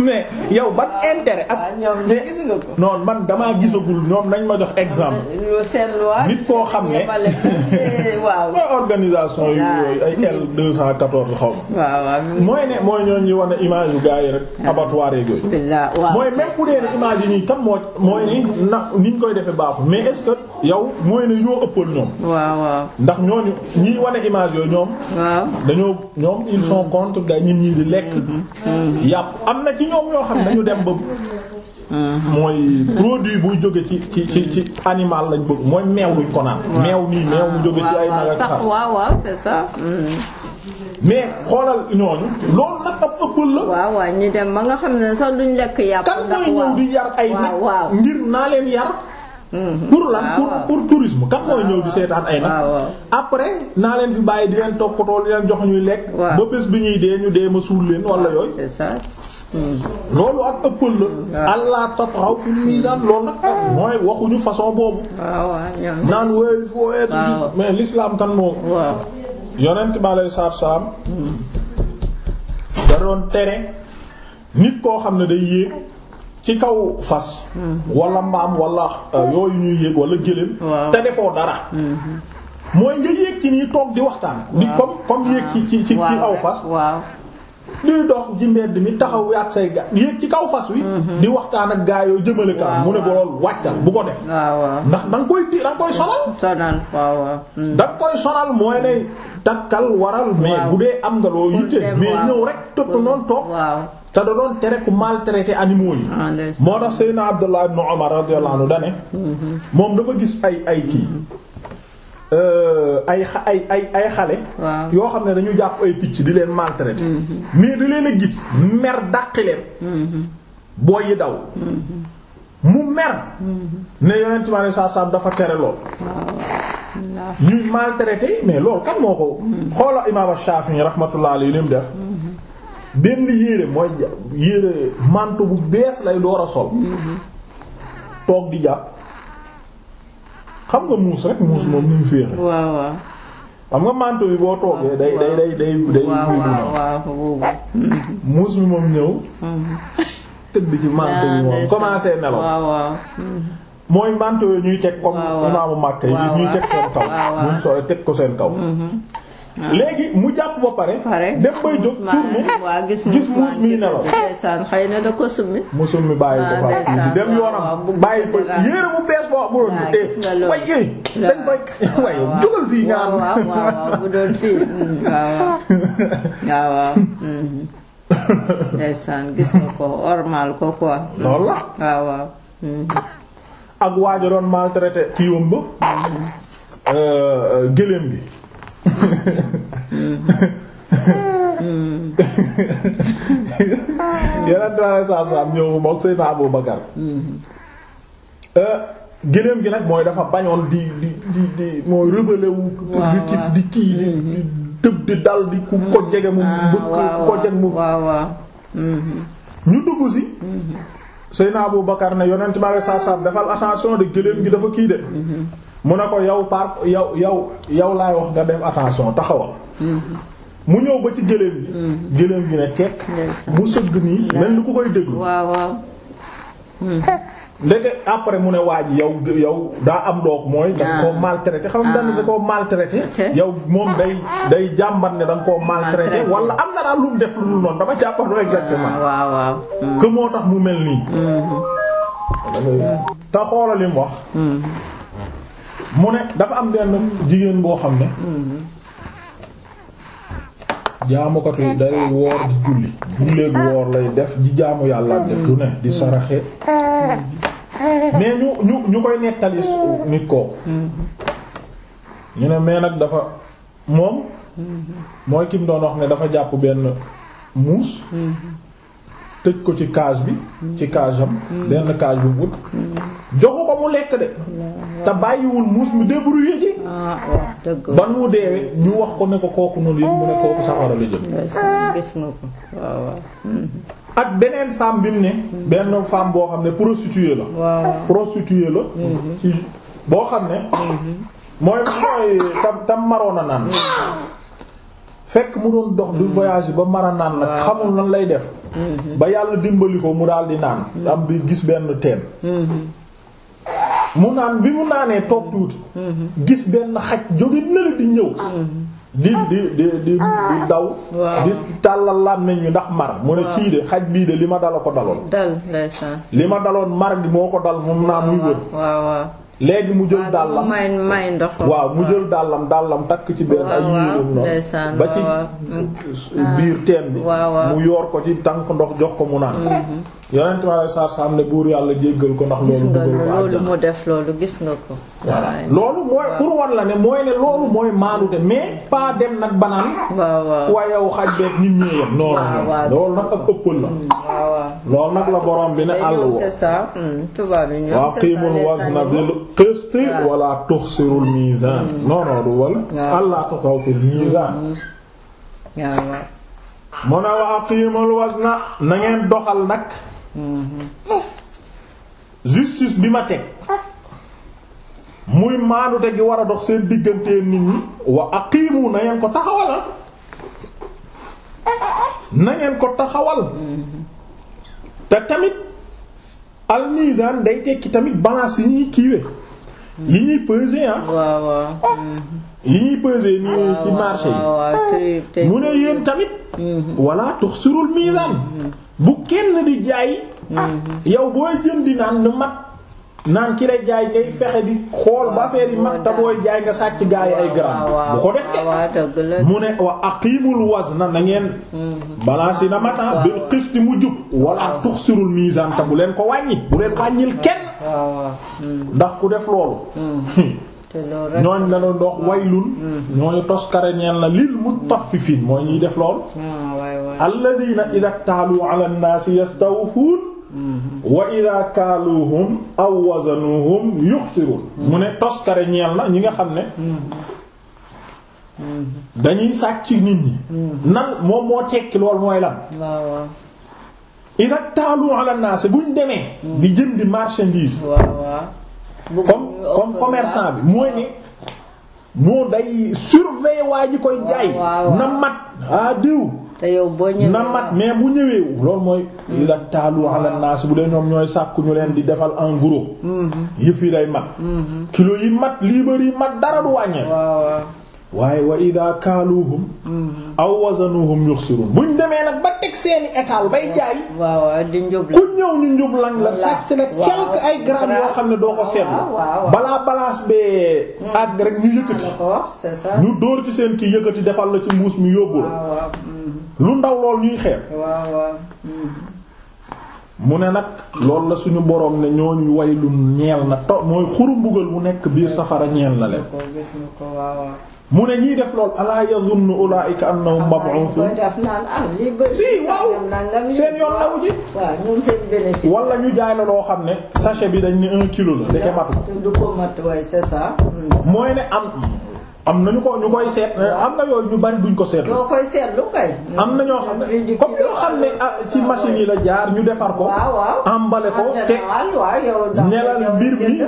mais yow ban intere ak. ñoom ñu gis nga ko. non man damaa gisagul ñoom nañ ma jox exemple. seen nit koo xam ne. Eh, organisation. yooyu yooyu ay L deux cent quatorze xaw ma. waaw waaw mooy ne mooy ñooñu ñu wane image yu gars yi rek. Ah. abattoir yeeg yooyu. mooy même bu dee ne image yi nii tam moo mooy ni na niñ koy defee baaxul mais est-ce que yow mooy ne ñoo ëppal ñoom. waaw waaw ndax ñooñu ñiy wane image yooyu ñoom. waaw dañoo ñoom il sont mm. contre gars ñi ñii di lekk. Mm-hmm. yàpp am na ci ñoom ñoo xam ne dañu dem ba. Uh-huh. mooy produit buy jóge ci ci ci ci animal lañ bëgg mooy meew luñ ko naan. meew nii meew mu jóge ci ay. waaw sax waaw waaw c'est ça. Mm. mais xoolal ñooñu. loolu nag ab ëppal la. waaw nga xam ne sax duñ lekk yàpp. ay nag ngir naa leen yar. Mm-hmm. pour lan pour pour tourisme kan mooy ñëw di seetaan ay nag. après naa leen fi bàyyi di leen toppatoo di leen jox ñuy lekk. ba bés bi ñuy dee ñu dee ma suul leen wala yooyu. c'est ça. loolu ak ëppal la. allah tatghaw fil mizan loolu nag. mooy waxuñu façon boobu. naan wooy foo etu mais l'islam kan moom. waaw yonent bi alayhi salaatu salaam. Hmm. da doon tere nit koo xam ne day yéeg ci kaw fas. Hmm. wala mbaam wala euh, yooyu ñuy yéeg wala gëléem. te defoo dara. Hmm. mooy nga yéeg ci nii toog di waxtaan. di comme comme yéeg ci ci ci aw fas. luy dox ji mbedd mi taxaw yaat say ga yéeg ci kaw fas wi mhm. di waxtaan ak gaa yoo jëmale kaa mu ne bu loolu wàccal bu ko def ndax danga koy di danga koy sonal mm. danga koy sonal mooy ne takkal waral mais bu dee am nga loo yitte mais ñëw rek topp noonu toog te da doon tere ku maltraité animaux yi ah, moo tax Seydina Abdullah ibn Umar radiyallahu anhu dane mhm. moom dafa gis ay ay kii mhm. Euh, ay ay ay xale. yoo xam ne dañu jàpp ay picc di leen maltraiter. Mm-hmm. mais di leen a gis mer dàqi mm-hmm. booy yi daw. Mm-hmm. mu mer. ne Yonent bi sallallahu alayhi dafa tere lool. ñuy maltraiter mais loolu kan moo ko. xoola imaam Shafi'i rahmatullahi alayhi li mu def. benn yére mooy yére manteau bu bees lay door a sol. toog di jàpp. xam nga muus rek muus moom ni mu féexe waaw waaw xam nga manto bi boo toogee day day day day day muus mi moom ñëw mm-hmm. tëdd ci manto bi ah, moom commencé nelaw mooy manto yooyu ñuy teg comme imaamu Makka yi ñuy teg seen kaw buñ sole teg ko seen kaw mm-hmm. Ah. léegi mu jàpp ba pare. pare dem bay jóg tourné gis muus mi nelaw. ndeysaan xëy na da ko summi. mu bàyyi ko ah, fa dem yoonam bàyyi fa yéere bu bees boo bu waaw waaw waaw waaw mm-hmm. gis nga ko normal ko quoi. loolu waaw waaw. Mm-hmm. ak waaja doon maltraité kiiwam ba. Mm-hmm. Euh, euh, gëléem bi. yeneen trois saa saa ñëw moom Seydina Abu Bakar euh, gëléem gi nag mooy dafa bañoon di di di di mooy rebelle wu productif di kii di mm-hmm. di tëb di dal di ku ko jege mu mm-hmm. bëgg ku ko jeg mu mm-hmm. ñu dugg si Seydina Abu Bakar ne yonent trois saa saa defal attention de gëléem gi dafa kii de mu ne ko yow par yow yow yow laay wax nga def attention taxawal. mu ñëw ba ci gëléem gi. Mm-hmm. gëléem gi ne tekk mu sëgg nii mel ni ko koy déglu. waaw mm-hmm. après mu ne waa ji yow yow daa am doog mooy. da koo maltraité xam ah. yow moom day day jàmbat ne da nga koo maltraité. wala am na daal lu mu def lu dul noonu dama jàppandoo exactement. Ah, waaw mm. moo tax mu mel nii. Mm-hmm. te xoolal wax. mu ne dafa am benn jigéen boo xam ne jaamukatu yi day woor di julli julleeg woor lay def di jaamu yàlla def lu ne di saraxe mais ñu ñu ñu koy nettali nit kooku ñu ne mais nag dafa moom mooy kim doon wax ne dafa jàpp benn muus tëj ko ci cage bi ci cage am mm. benn cage bu wut joxu ko mu lekk de mm. te bàyyiwul muus mi débrouillé ji ah, ban mu deewee ñu wax ko ne ko kooku noonu yëpp mu ne kooku safara la jëm mm. ak beneen femme bi mu ne benn femme boo xam ne prostituée la prostituée la mm-hmm. boo xam ne mm-hmm. mooy mooy tam tam maroon a naan fekk mu doon dox du mm. voyage ba mara naan nag xamul nan lay def mm-hmm. ba yàlla dimbali ko mu daal di naan mm-hmm. am bi gis benn teen mm-hmm. mu naan bi mu naanee toog tuuti gis benn xaj jóge nala di ñëw di di di di daw di tàllal làmmiñ yi ndax mar mu ne kii de xaj bii de li ma dala ko daloon li ma daloon mar gi moo ko dal moom naa muy wër léegi mu jël dàllam waaw mu jël dàllam dàllam takk ci benn ay yiiram noonu ba ci biir teen bi mu yoor ko ci tànk ndox jox ko mu naan mm-hmm. yonent bi alayhi salaatu ne buur yàlla jéggal ko ndax. loolu dugal ko loolu mu def loolu gis nga ko. voilà loolu mooy pour war la ne mooy ne loolu mooy maanute mais pas dem nag banaan. waaw waaw waaye yow xaj beeg nit ñi yem. non non loolu mm, waaw waaw mm, waaw wala tuxsirul mizan. Mm. non non waaw allah tuxaw waaw waaw. mu na ngeen doxal nag. Mm-hmm. justice bi ma teg muy maanute gi war a dox seen diggantee nit ñi wa aqiimu na ngeen ko taxawal na ko taxawal te tamit al mizan day tekki tamit balance yi ñuy kiiwe yi ñuy peser ah waaw waaw yi ñuy peser nii ci marché yi mu ne yéen tamit mm-hmm. walla tux surul mizan mm-hmm. bu kenn di jaay ah. yow booy jën di naan na mat naan ki lay jaay ngay fexe di xool ba affaire yi mat te booy jaay nga sàcc gaa yi ay gram bu ko def de mu ne wa aqimul wazna na ngeen mm-hmm. balance na mat ah, bil qist mu jub wala tuxsirul mizan te bu leen ko wàññi bu leen wàññil kenn mm. ndax ku def loolu mm. ñooñ la doon dox waylun mm-hmm. ñooñu toskare ñeel na lil mutaffifiin mooy ñuy def lool ah, alladina mm-hmm. ida taalu ala nnaasi yastawfuun mm-hmm. wa ida kaaluuhum aw wazanuhum yuxsiruun mu ne toskare ñeel na ñi nga xam ne dañuy sàcc nit ñi nan moom moo tekki lool mooy lan ida taalu ala buñ demee di jëndi marchandise comme comme commerçant bi mooy ni moo day surveiller waa ji koy jaay na mat ah te yow boo ñëwee na mat mais bu ñëwee loolu mooy hmm. la taalu ala naas bu dee ñoom ñooy sàkku ñu leen di defal en gros hmm. fii yi day mat hmm. kilo yi mat liibar yi mat dara du wàññee waaye wa ida kaaluhum mm-hmm. aw wazanuhum yuxsirun buñ demee nag ba teg seeni étal bay jaay waaw di la ku ñëw ñu njub la sàcc la quelque ay grammes yoo xam ne doo ko seetlu balaa balance bee mm. àgg rek ñu yëkkati ñu dóor ci seen kii yëkkati defal la ci mbuus mi yóbbu la mm. lu ndaw lool ñuy xeer mm. mu ne nag loolu la suñu boroom ne ñooñu waylun ñeel na to mooy xuru mu nekk biir safara ñeel na leen mu ne ñiy def lool alaa yazunnu ulaa'ika annahum mab'uuthun ah, si waaw seen yoon nawu loo xam ne sachet bi dañ ne un kilo la mat waaye c'est ça hmm. mooy ne am am na ñu ko ñu koy seet am na yooyu ñu bari duñ ko seetlu. ñoo koy seetlu kay. am na ñoo xam ne comme ñoo xam ne ah, ci machine yi la jaar ñu defar ko. waaw waaw ko te ne la mbir mi.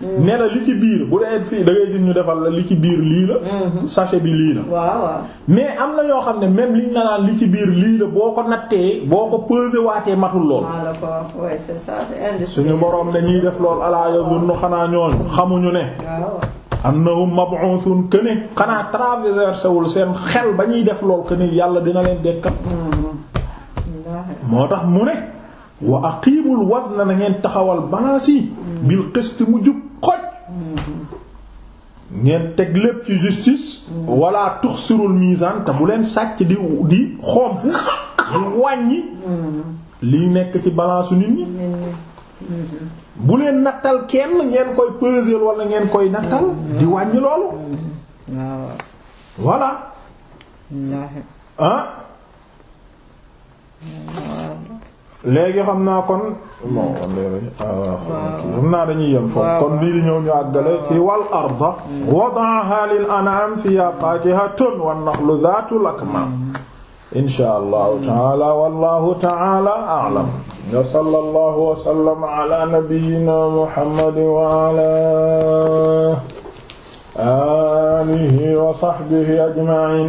ne li ci biir bu dee fii dangay gis ñu defal la li ci biir lii la. Mhm. sachet bi lii la. waaw mais am na yoo xam ne même liñ la naan li ci biir lii la boo ko nattee boo ko pesé waatee matul lool. Ah, suñu borom dañuy def lool ala yazunnu xanaa ñooñu xamuñu ne. annahum mab'uthun këne xanaa traversé wul seen xel ba ñuy def lool këne yàlla dina leen dekkal. Mm-hmm. moo tax mu ne. wa aqimul wazna na ngeen taxawal balance mm-hmm. bil qist mu jub. ngeen teg lépp ci justice wala tuxsirul mizan te bu leen sàcc di di xomp di wàññi nekk ci balance nit ñi bu leen nattal kenn ngeen koy peser walla ngeen koy nattal di wàññi loolu voilà ah léegi xam naa kon bon hmm. ah, xam naa dañuy yem foofu kon bii di ñëw ñu àggale ci wal arda hmm. wada'aha lil an'am fiha fakihatun wan nakhlu dhatul akma hmm. insha allahu taala wallahu taala a'lam wa sallallahu wa sallama ala nabiyyina muhammadin wa ala alihi wa sahbihi ajma'in